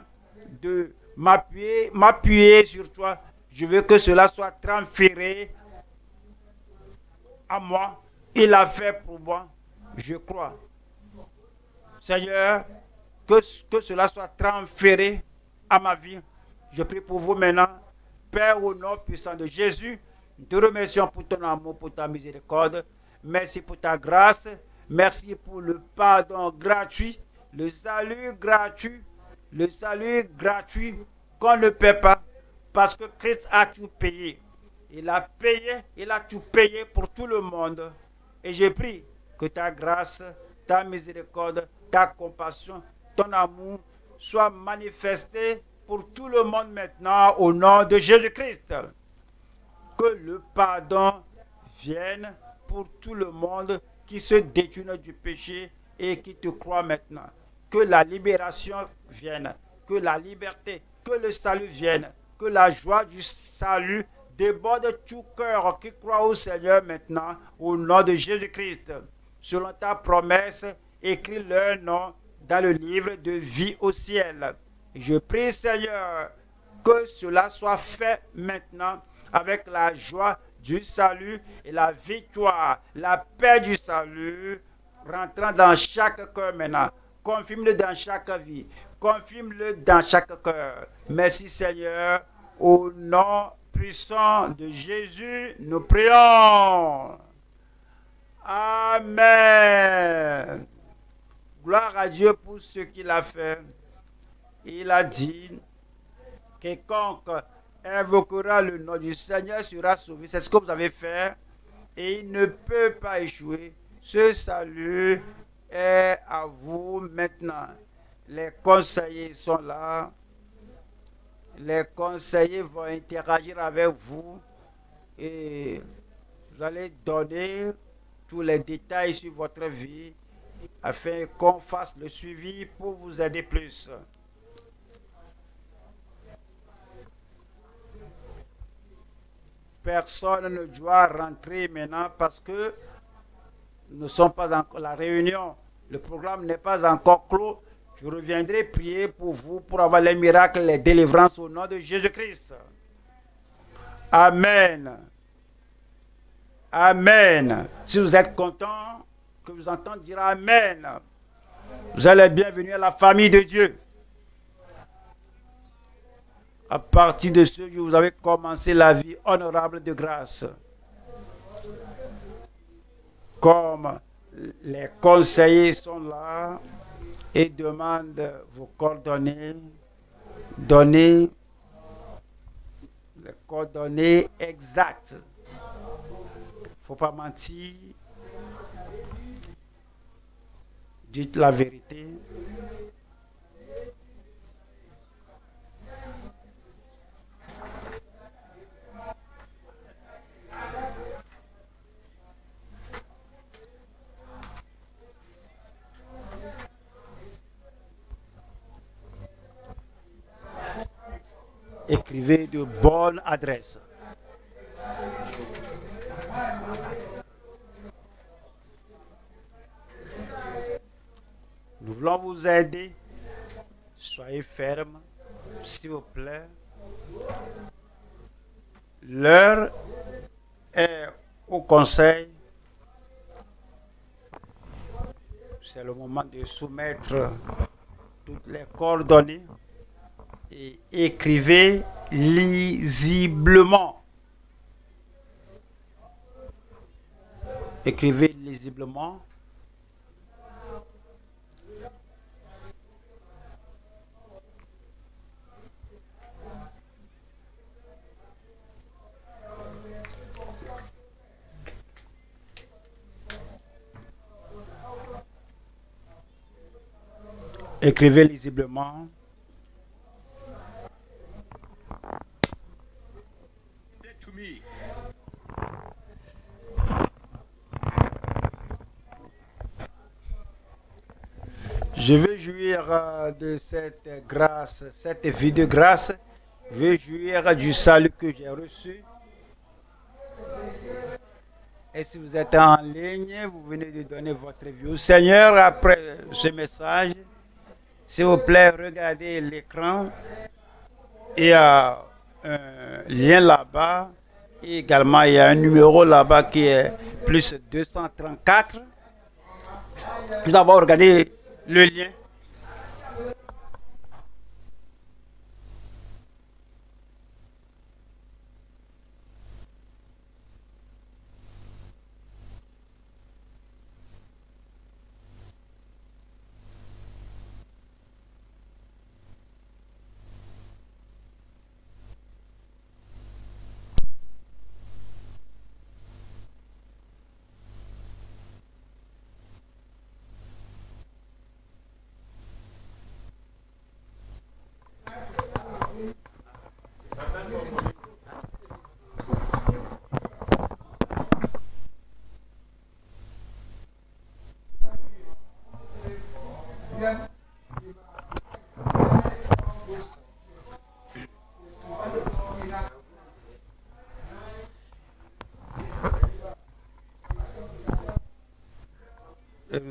de m'appuyer, m'appuyer sur toi. Je veux que cela soit transféré à moi. Il a fait pour moi. Je crois. Seigneur, que, que cela soit transféré à ma vie. Je prie pour vous maintenant. Père, au nom puissant de Jésus, nous te remercions pour ton amour, pour ta miséricorde. Merci pour ta grâce. Merci pour le pardon gratuit, le salut gratuit, le salut gratuit qu'on ne paie pas parce que Christ a tout payé. Il a payé, il a tout payé pour tout le monde. Et j'ai prie que ta grâce, ta miséricorde, ta compassion, ton amour soient manifestés pour tout le monde maintenant au nom de Jésus-Christ que le pardon vienne pour tout le monde qui se détourne du péché et qui te croit maintenant. Que la libération vienne, que la liberté, que le salut vienne, que la joie du salut déborde tout cœur qui croit au Seigneur maintenant, au nom de Jésus-Christ. Selon ta promesse, écris leur nom dans le livre de vie au ciel. Je prie Seigneur que cela soit fait maintenant avec la joie du salut et la victoire, la paix du salut, rentrant dans chaque cœur maintenant. Confirme-le dans chaque vie. Confirme-le dans chaque cœur. Merci Seigneur. Au nom puissant de Jésus, nous prions. Amen. Gloire à Dieu pour ce qu'il a fait. Il a dit, quiconque invoquera le nom du Seigneur sera sauvé. C'est ce que vous avez fait. Et il ne peut pas échouer. Ce salut est à vous maintenant. Les conseillers sont là. Les conseillers vont interagir avec vous. Et vous allez donner tous les détails sur votre vie afin qu'on fasse le suivi pour vous aider plus. personne ne doit rentrer maintenant parce que nous sommes pas encore la réunion, le programme n'est pas encore clos. Je reviendrai prier pour vous pour avoir les miracles, les délivrances au nom de Jésus-Christ. Amen. Amen. Si vous êtes content, que vous entendez dire Amen. Vous allez bienvenue à la famille de Dieu. À partir de ce jour, vous avez commencé la vie honorable de grâce. Comme les conseillers sont là et demandent vos coordonnées, donnez les coordonnées exactes. Faut pas mentir. Dites la vérité. écrivez de bonnes adresses. Nous voulons vous aider. Soyez ferme, s'il vous plaît. L'heure est au conseil. C'est le moment de soumettre toutes les coordonnées écrivez lisiblement. Écrivez lisiblement. Écrivez lisiblement. jouir euh, de cette grâce, cette vie de grâce. Je veux jouir du salut que j'ai reçu. Et si vous êtes en ligne, vous venez de donner votre vie au Seigneur après ce message. S'il vous plaît, regardez l'écran. Il y a euh, un lien là-bas. également, il y a un numéro là-bas qui est plus 234. Nous avons regardé le lien.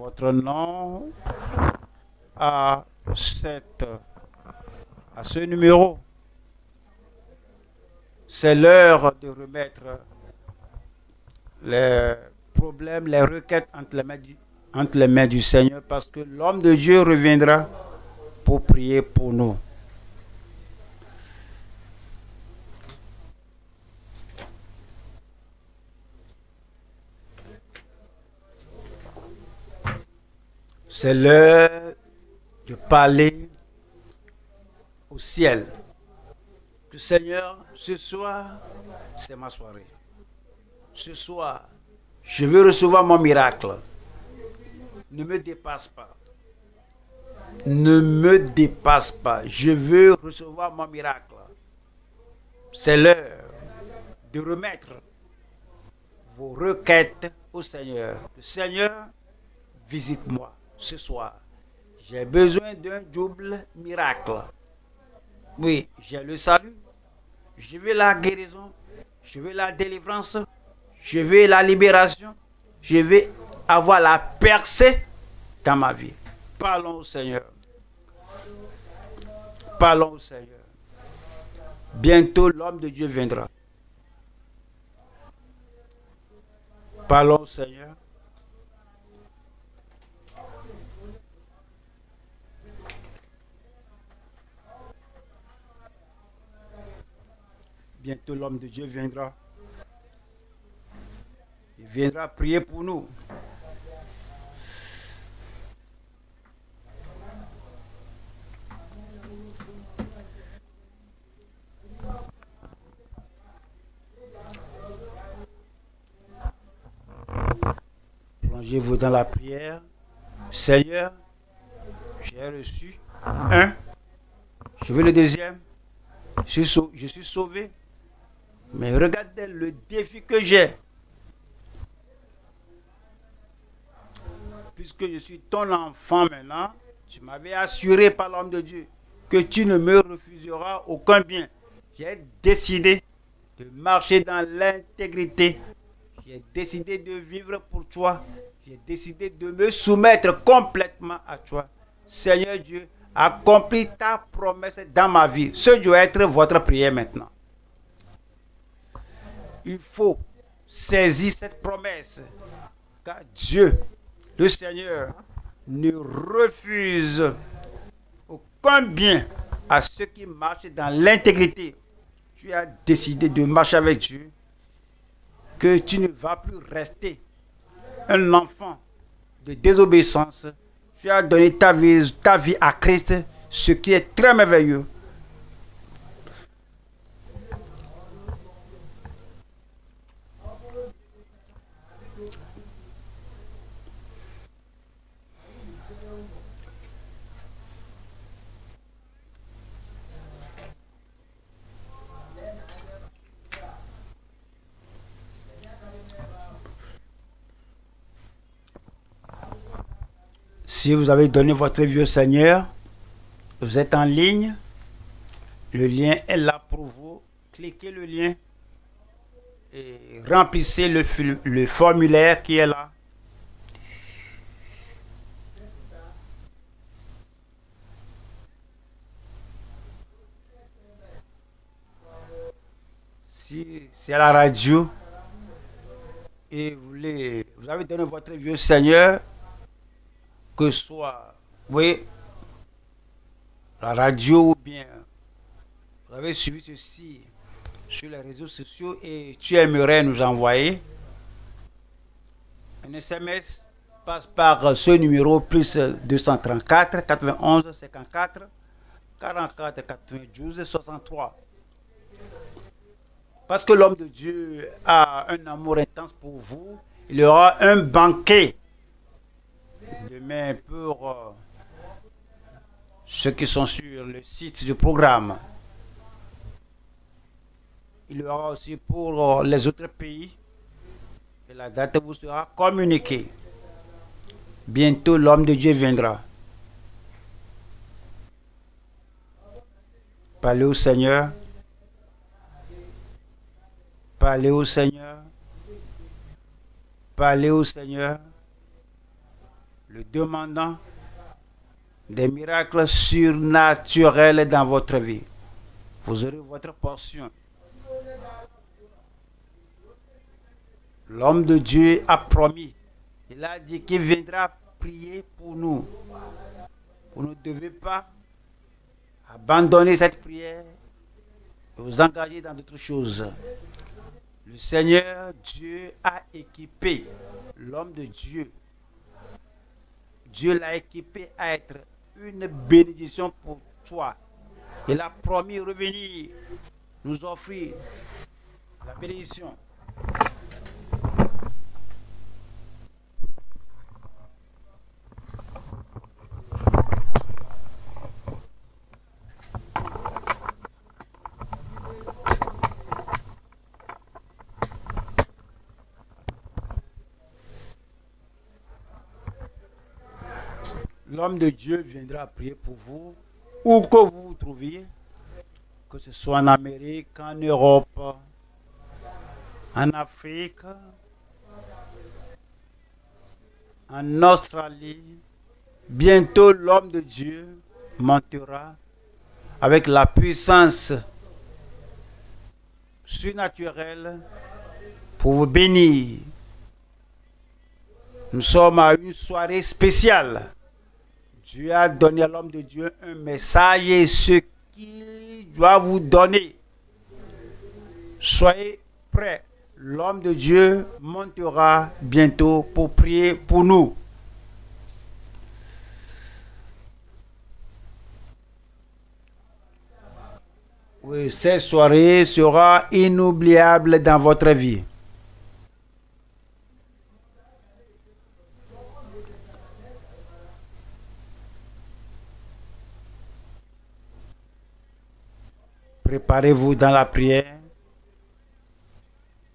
votre nom à, cette, à ce numéro. C'est l'heure de remettre les problèmes, les requêtes entre les entre les mains du Seigneur parce que l'homme de Dieu reviendra pour prier pour nous. C'est l'heure de parler au ciel. Que Seigneur, ce soir, c'est ma soirée. Ce soir, je veux recevoir mon miracle. Ne me dépasse pas. Ne me dépasse pas. Je veux recevoir mon miracle. C'est l'heure de remettre vos requêtes au Seigneur. Le Seigneur, visite-moi ce soir. J'ai besoin d'un double miracle. Oui, j'ai le salut, je veux la guérison, je veux la délivrance, je veux la libération, je veux avoir la percée dans ma vie. Parlons au Seigneur. Parlons au Seigneur. Bientôt l'homme de Dieu viendra. Parlons au Seigneur. Bientôt l'homme de Dieu viendra. Il viendra prier pour nous. Plongez-vous dans la prière. Seigneur, j'ai reçu un. Je veux le deuxième. Je suis sauvé. Mais regardez le défi que j'ai. Puisque je suis ton enfant maintenant, tu m'avais assuré par l'homme de Dieu que tu ne me refuseras aucun bien. J'ai décidé de marcher dans l'intégrité. J'ai décidé de vivre pour toi. J'ai décidé de me soumettre complètement à toi. Seigneur Dieu, accomplis ta promesse dans ma vie. Ce doit être votre prière maintenant il faut saisir cette promesse, car Dieu, le Seigneur, ne refuse aucun bien à ceux qui marchent dans l'intégrité. Tu as décidé de marcher avec Dieu, que tu ne vas plus rester un enfant de désobéissance. Tu as donné ta vie, ta vie à Christ, ce qui est très merveilleux. Si vous avez donné votre vieux Seigneur, vous êtes en ligne. Le lien est là pour vous. Cliquez le lien et remplissez le, formulaire qui est là. Si c'est à la radio et vous, vous avez donné votre vieux Seigneur, que soit, oui, la radio ou bien, vous avez suivi ceci sur les réseaux sociaux et tu aimerais nous envoyer un SMS, passe par ce numéro plus 234 91 54 44 92 63. Parce que l'homme de Dieu a un amour intense pour vous, il y aura un banquet Demain, pour euh, ceux qui sont sur le site du programme, il y aura aussi pour euh, les autres pays et la date vous sera communiquée. Bientôt, l'homme de Dieu viendra. Parlez au Seigneur. Parlez au Seigneur. Parlez au Seigneur le demandant des miracles surnaturels dans votre vie. Vous aurez votre portion. L'homme de Dieu a promis. Il a dit qu'il viendra prier pour nous. Vous ne devez pas abandonner cette prière et vous engager dans d'autres choses. Le Seigneur Dieu a équipé l'homme de Dieu Dieu l'a équipé à être une bénédiction pour toi. Et la promis revenir, nous offrir la bénédiction. L'homme de Dieu viendra prier pour vous, où que vous vous trouviez, que ce soit en Amérique, en Europe, en Afrique, en Australie. Bientôt l'homme de Dieu montera avec la puissance surnaturelle pour vous bénir. Nous sommes à une soirée spéciale Dieu a donné à l'homme de Dieu un message et ce qu'il doit vous donner. Soyez prêts. L'homme de Dieu montera bientôt pour prier pour nous. Oui, cette soirée sera inoubliable dans votre vie. Préparez-vous dans la prière.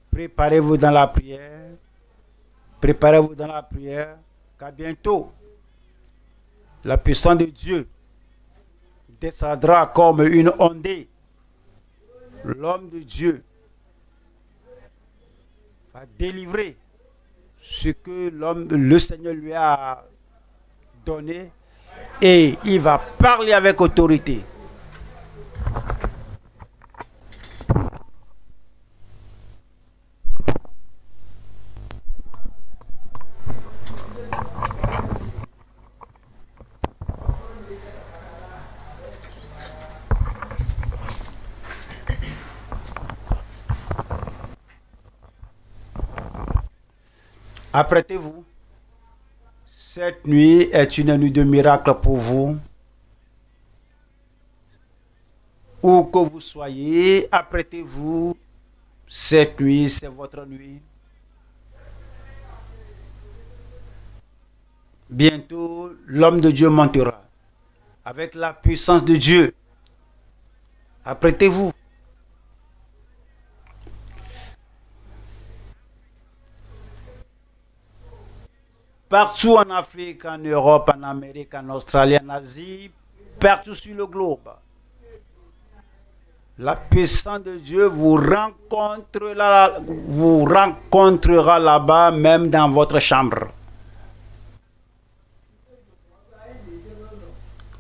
Préparez-vous dans la prière. Préparez-vous dans la prière, car bientôt, la puissance de Dieu descendra comme une ondée. L'homme de Dieu va délivrer ce que l'homme, le Seigneur lui a donné et il va parler avec autorité. Apprêtez-vous. Cette nuit est une nuit de miracle pour vous. Où que vous soyez, apprêtez-vous. Cette nuit, c'est votre nuit. Bientôt, l'homme de Dieu montera avec la puissance de Dieu. Apprêtez-vous. partout en Afrique, en Europe, en Amérique, en Australie, en Asie, partout sur le globe. La puissance de Dieu vous rencontrera, là-bas, même dans votre chambre.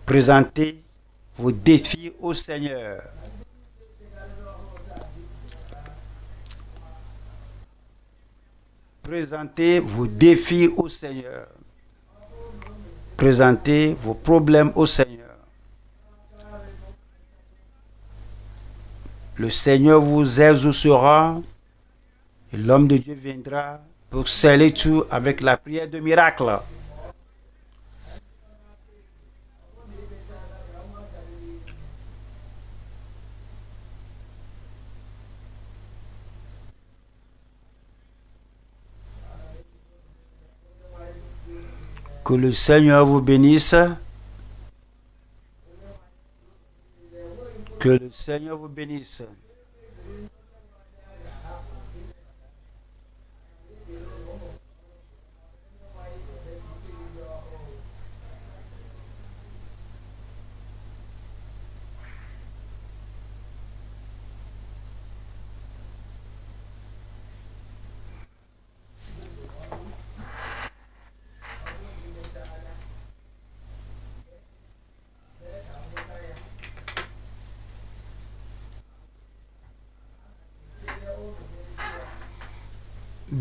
Présentez vos défis au Seigneur. Présentez vos défis au Seigneur. Présentez vos problèmes au Seigneur. Le Seigneur vous exaucera et l'homme de Dieu viendra pour sceller tout avec la prière de miracle. Que le Seigneur vous bénisse. Que le Seigneur vous bénisse.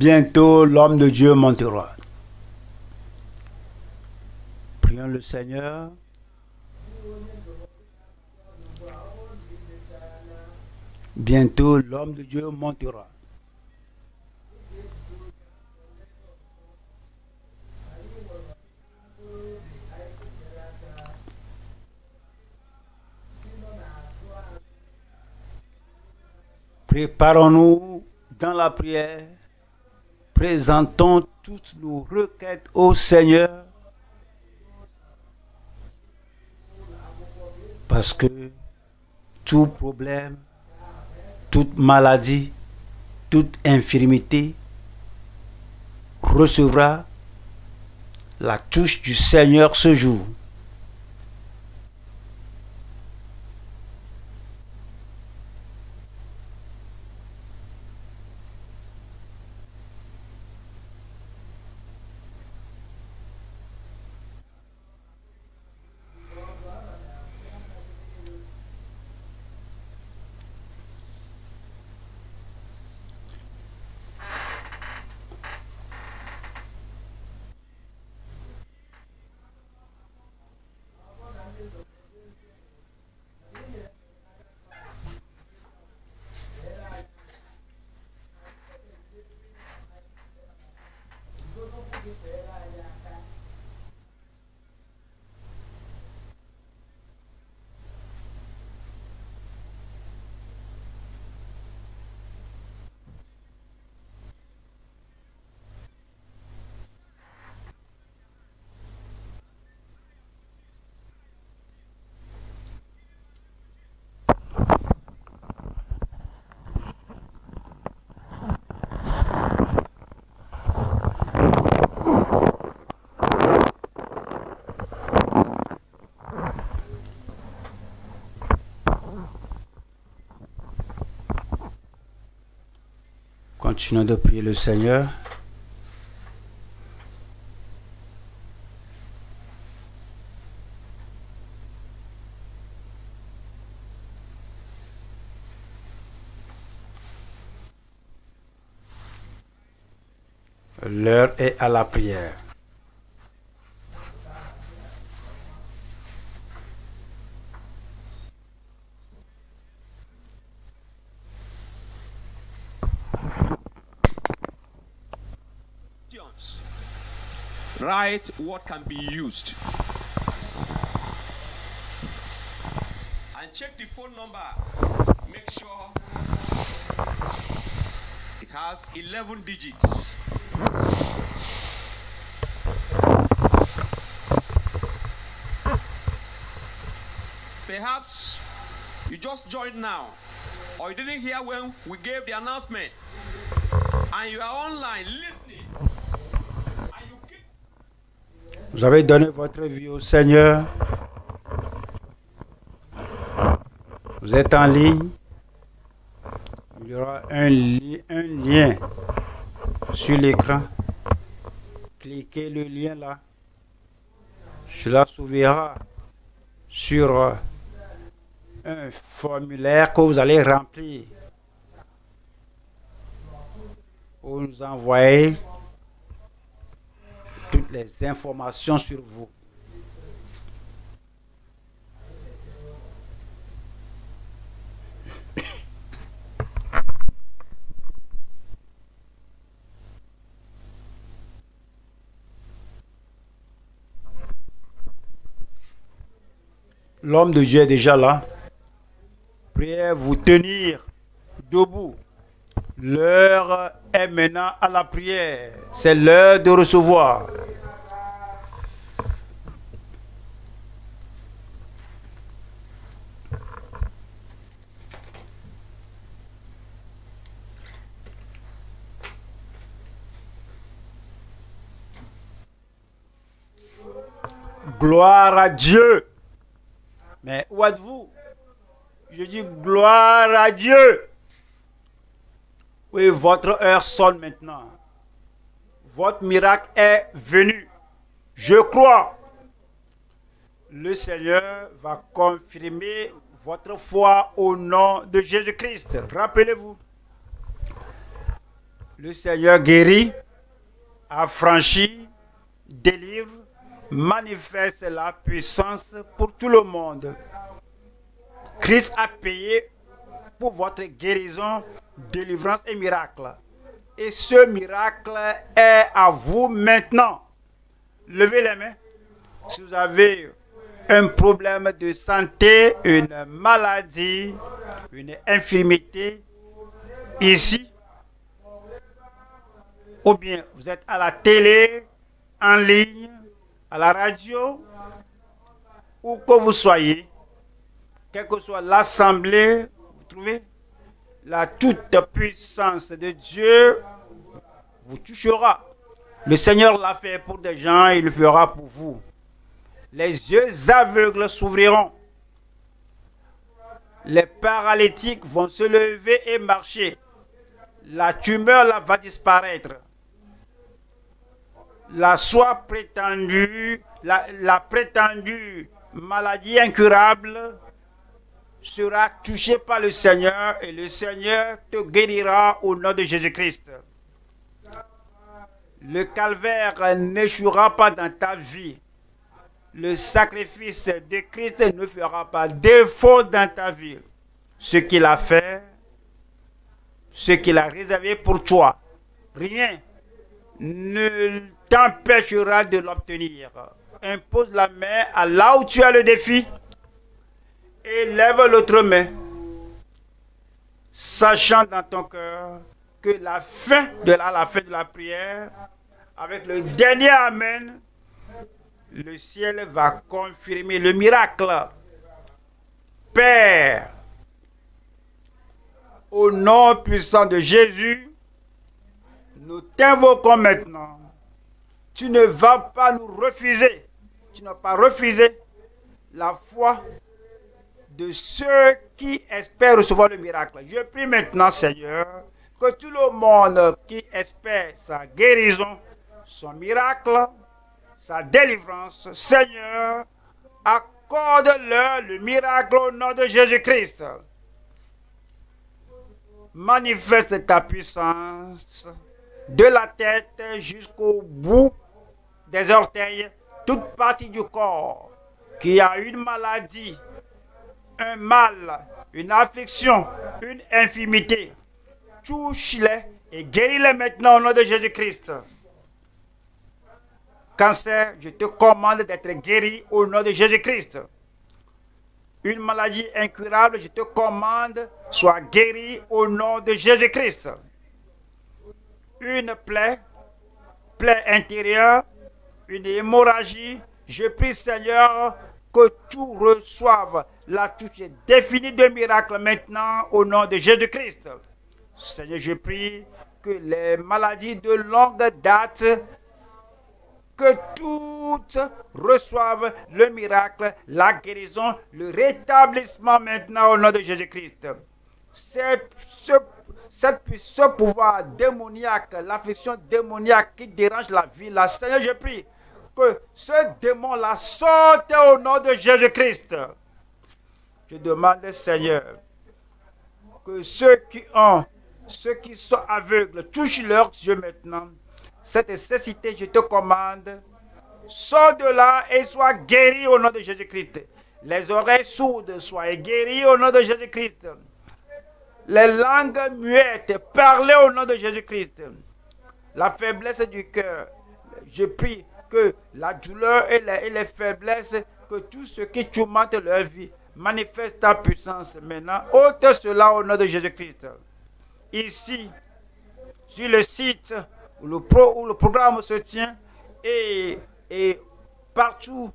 bientôt l'homme de Dieu montera. Prions le Seigneur. Bientôt l'homme de Dieu montera. Préparons-nous dans la prière présentons toutes nos requêtes au Seigneur parce que tout problème, toute maladie, toute infirmité recevra la touche du Seigneur ce jour. Continuons de prier le Seigneur. L'heure est à la prière. what can be used. And check the phone number. Make sure it has 11 digits. Perhaps you just joined now, or you didn't hear when we gave the announcement, and you are online. Vous avez donné votre vie au Seigneur. Vous êtes en ligne. Il y aura un, lien sur l'écran. Cliquez le lien là. Cela s'ouvrira sur euh, un formulaire que vous allez remplir. Vous nous envoyez les informations sur vous. L'homme de Dieu est déjà là. Prière vous tenir debout. L'heure est maintenant à la prière. C'est l'heure de recevoir. Gloire à Dieu. Mais où êtes-vous Je dis gloire à Dieu. Oui, votre heure sonne maintenant. Votre miracle est venu. Je crois. Le Seigneur va confirmer votre foi au nom de Jésus-Christ. Rappelez-vous. Le Seigneur guérit, affranchit, délivre, manifeste la puissance pour tout le monde. Christ a payé pour votre guérison, délivrance et miracle. Et ce miracle est à vous maintenant. Levez les mains. Si vous avez un problème de santé, une maladie, une infirmité, ici, ou bien vous êtes à la télé, en ligne, à la radio, où que vous soyez, quelle que soit l'assemblée, vous trouvez la toute puissance de Dieu vous touchera. Le Seigneur l'a fait pour des gens, il le fera pour vous. Les yeux aveugles s'ouvriront. Les paralytiques vont se lever et marcher. La tumeur là, va disparaître la soie prétendue, la, prétendue maladie incurable sera touchée par le Seigneur et le Seigneur te guérira au nom de Jésus-Christ. Le calvaire n'échouera pas dans ta vie. Le sacrifice de Christ ne fera pas défaut dans ta vie. Ce qu'il a fait, ce qu'il a réservé pour toi, rien ne t'empêchera de l'obtenir. Impose la main à là où tu as le défi et lève l'autre main, sachant dans ton cœur que la fin de la, la fin de la prière, avec le dernier Amen, le ciel va confirmer le miracle. Père, au nom puissant de Jésus, nous t'invoquons maintenant tu ne vas pas nous refuser. Tu n'as pas refusé la foi de ceux qui espèrent recevoir le miracle. Je prie maintenant, Seigneur, que tout le monde qui espère sa guérison, son miracle, sa délivrance, Seigneur, accorde-leur le miracle au nom de Jésus-Christ. Manifeste ta puissance de la tête jusqu'au bout des orteils, toute partie du corps qui a une maladie, un mal, une affection, une infirmité, touche-les et guéris-les maintenant au nom de Jésus-Christ. Cancer, je te commande d'être guéri au nom de Jésus-Christ. Une maladie incurable, je te commande, sois guéri au nom de Jésus-Christ. Une plaie, plaie intérieure, une hémorragie. Je prie, Seigneur, que tout reçoive la touche définie de miracle maintenant au nom de Jésus-Christ. Seigneur, je prie que les maladies de longue date, que toutes reçoivent le miracle, la guérison, le rétablissement maintenant au nom de Jésus-Christ. C'est ce, ce, pouvoir démoniaque, l'affection démoniaque qui dérange la vie. La Seigneur, je prie que ce démon-là sorte au nom de Jésus-Christ. Je demande, Seigneur, que ceux qui ont, ceux qui sont aveugles, touchent leurs yeux maintenant. Cette cécité, je te commande, sors de là et sois guéri au nom de Jésus-Christ. Les oreilles sourdes soient guéries au nom de Jésus-Christ. Les langues muettes, parlez au nom de Jésus-Christ. La faiblesse du cœur, je prie, que la douleur et les, faiblesses, que tout ce qui tourmente leur vie, manifeste ta puissance maintenant. Ôte cela au nom de Jésus-Christ. Ici, sur le site où le, programme se tient et, partout,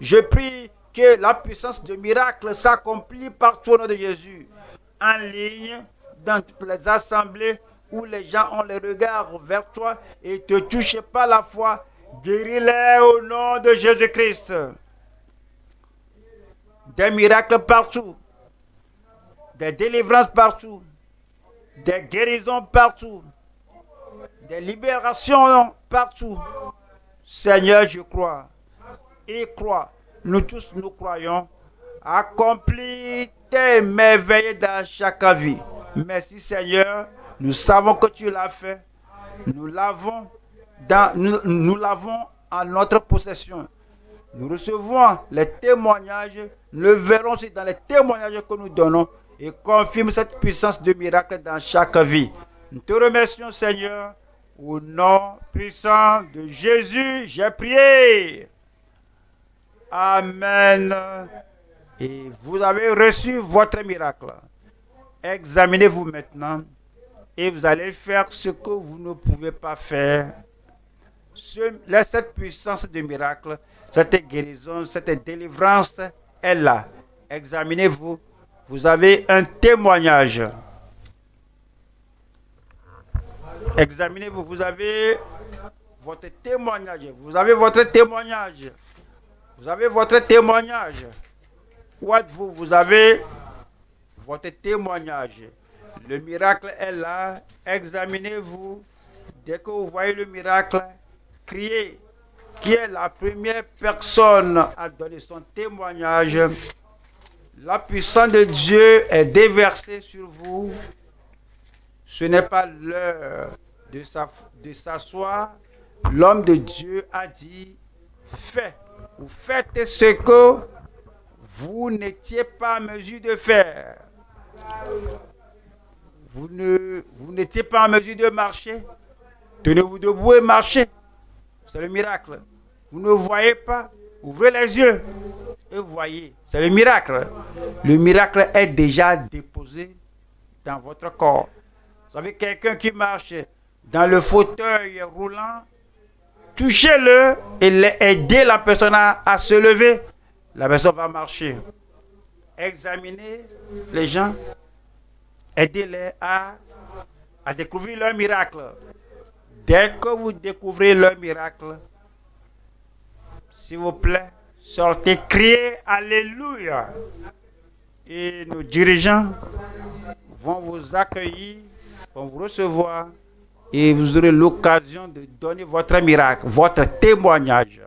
je prie que la puissance de miracle s'accomplit partout au nom de Jésus. En ligne, dans toutes les assemblées où les gens ont les regards vers toi et te touchent pas la foi Guéris-les au nom de Jésus-Christ. Des miracles partout. Des délivrances partout. Des guérisons partout. Des libérations partout. Seigneur, je crois. et crois Nous tous, nous croyons. Accomplis tes merveilles dans chaque vie. Merci Seigneur. Nous savons que tu l'as fait. Nous l'avons nous, l'avons en notre possession. Nous recevons les témoignages, nous le verrons aussi dans les témoignages que nous donnons et confirme cette puissance de miracle dans chaque vie. Nous te remercions Seigneur, au nom puissant de Jésus, j'ai prié. Amen. Et vous avez reçu votre miracle. Examinez-vous maintenant et vous allez faire ce que vous ne pouvez pas faire cette puissance du miracle, cette guérison, cette délivrance est là. Examinez-vous. Vous avez un témoignage. Examinez-vous. Vous avez votre témoignage. Vous avez votre témoignage. Vous avez votre témoignage. Où êtes-vous Vous avez votre témoignage. Le miracle est là. Examinez-vous. Dès que vous voyez le miracle, Crier, qui est la première personne à donner son témoignage, la puissance de Dieu est déversée sur vous. Ce n'est pas l'heure de s'asseoir. L'homme de Dieu a dit, fais ou faites ce que vous n'étiez pas en mesure de faire. Vous n'étiez vous pas en mesure de marcher. Tenez-vous debout et marchez. C'est le miracle. Vous ne voyez pas, ouvrez les yeux et voyez. C'est le miracle. Le miracle est déjà déposé dans votre corps. Vous avez quelqu'un qui marche dans le fauteuil roulant, touchez-le et aidez la personne à, se lever. La personne va marcher. Examinez les gens. Aidez-les à découvrir leur miracle. Dès que vous découvrez le miracle, s'il vous plaît, sortez, criez Alléluia. Et nos dirigeants vont vous accueillir, vont vous recevoir et vous aurez l'occasion de donner votre miracle, votre témoignage.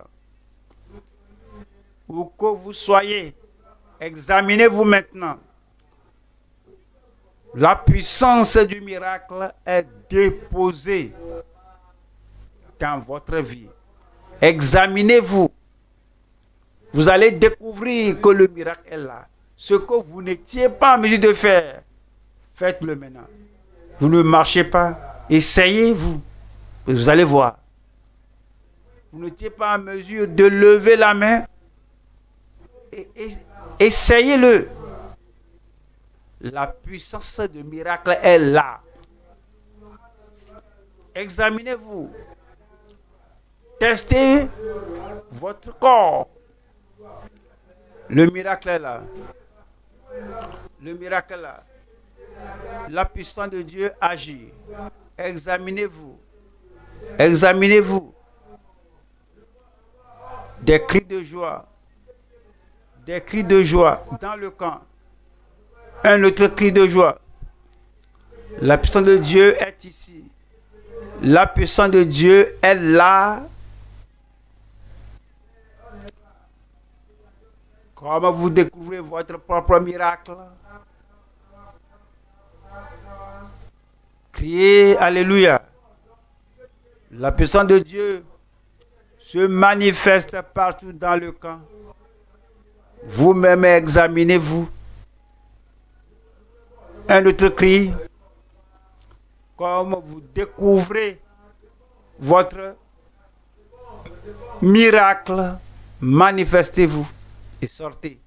Où que vous soyez, examinez-vous maintenant. La puissance du miracle est déposée dans votre vie. Examinez-vous. Vous allez découvrir que le miracle est là. Ce que vous n'étiez pas en mesure de faire, faites-le maintenant. Vous ne marchez pas. Essayez-vous. Vous allez voir. Vous n'étiez pas en mesure de lever la main. Essayez-le. La puissance du miracle est là. Examinez-vous. Testez votre corps. Le miracle est là. Le miracle est là. La puissance de Dieu agit. Examinez-vous. Examinez-vous. Des cris de joie. Des cris de joie dans le camp. Un autre cri de joie. La puissance de Dieu est ici. La puissance de Dieu est là Comment vous découvrez votre propre miracle Criez Alléluia. La puissance de Dieu se manifeste partout dans le camp. Vous-même examinez-vous. Un autre cri. Comme vous découvrez votre miracle, manifestez-vous et sortez.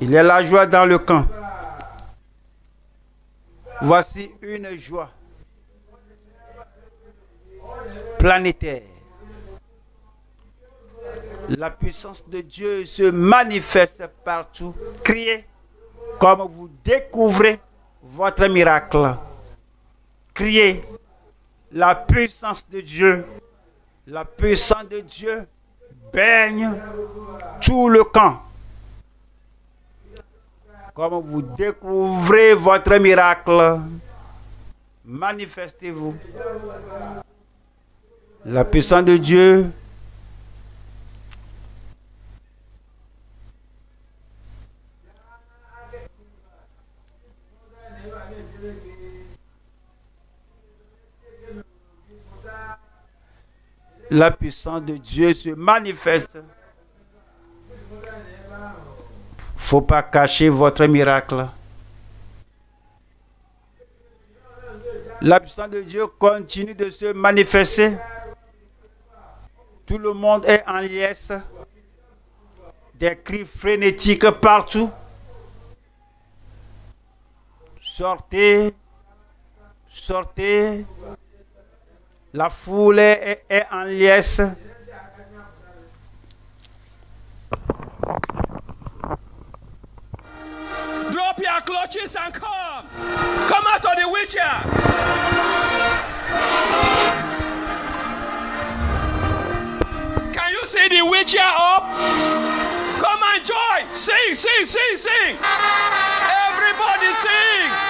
Il est la joie dans le camp. Voici une joie planétaire. La puissance de Dieu se manifeste partout. Criez comme vous découvrez votre miracle. Criez la puissance de Dieu. La puissance de Dieu baigne tout le camp. Comme vous découvrez votre miracle, manifestez-vous. La puissance de Dieu la puissance de Dieu se manifeste. Faut pas cacher votre miracle. La puissance de Dieu continue de se manifester. Tout le monde est en liesse. Des cris frénétiques partout. Sortez, sortez, La foule est, est en liesse. Drop your clutches and come. Come out of the witcher! Can you see the witcher up? Come and join. Sing, sing, sing, sing. Everybody sing.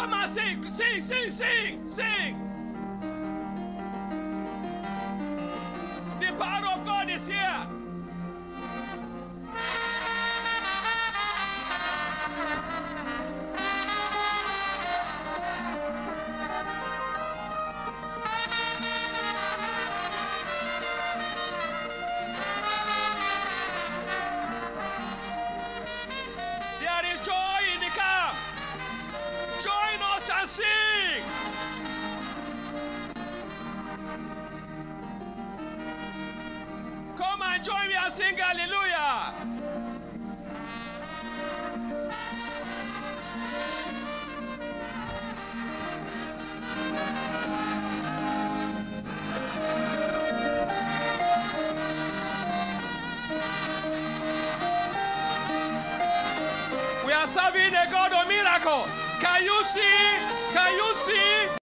Come on, sing, sing, sing, sing, sing. The power of God is here. Hallelujah. We are serving a God of miracle. Can you see? Can you see?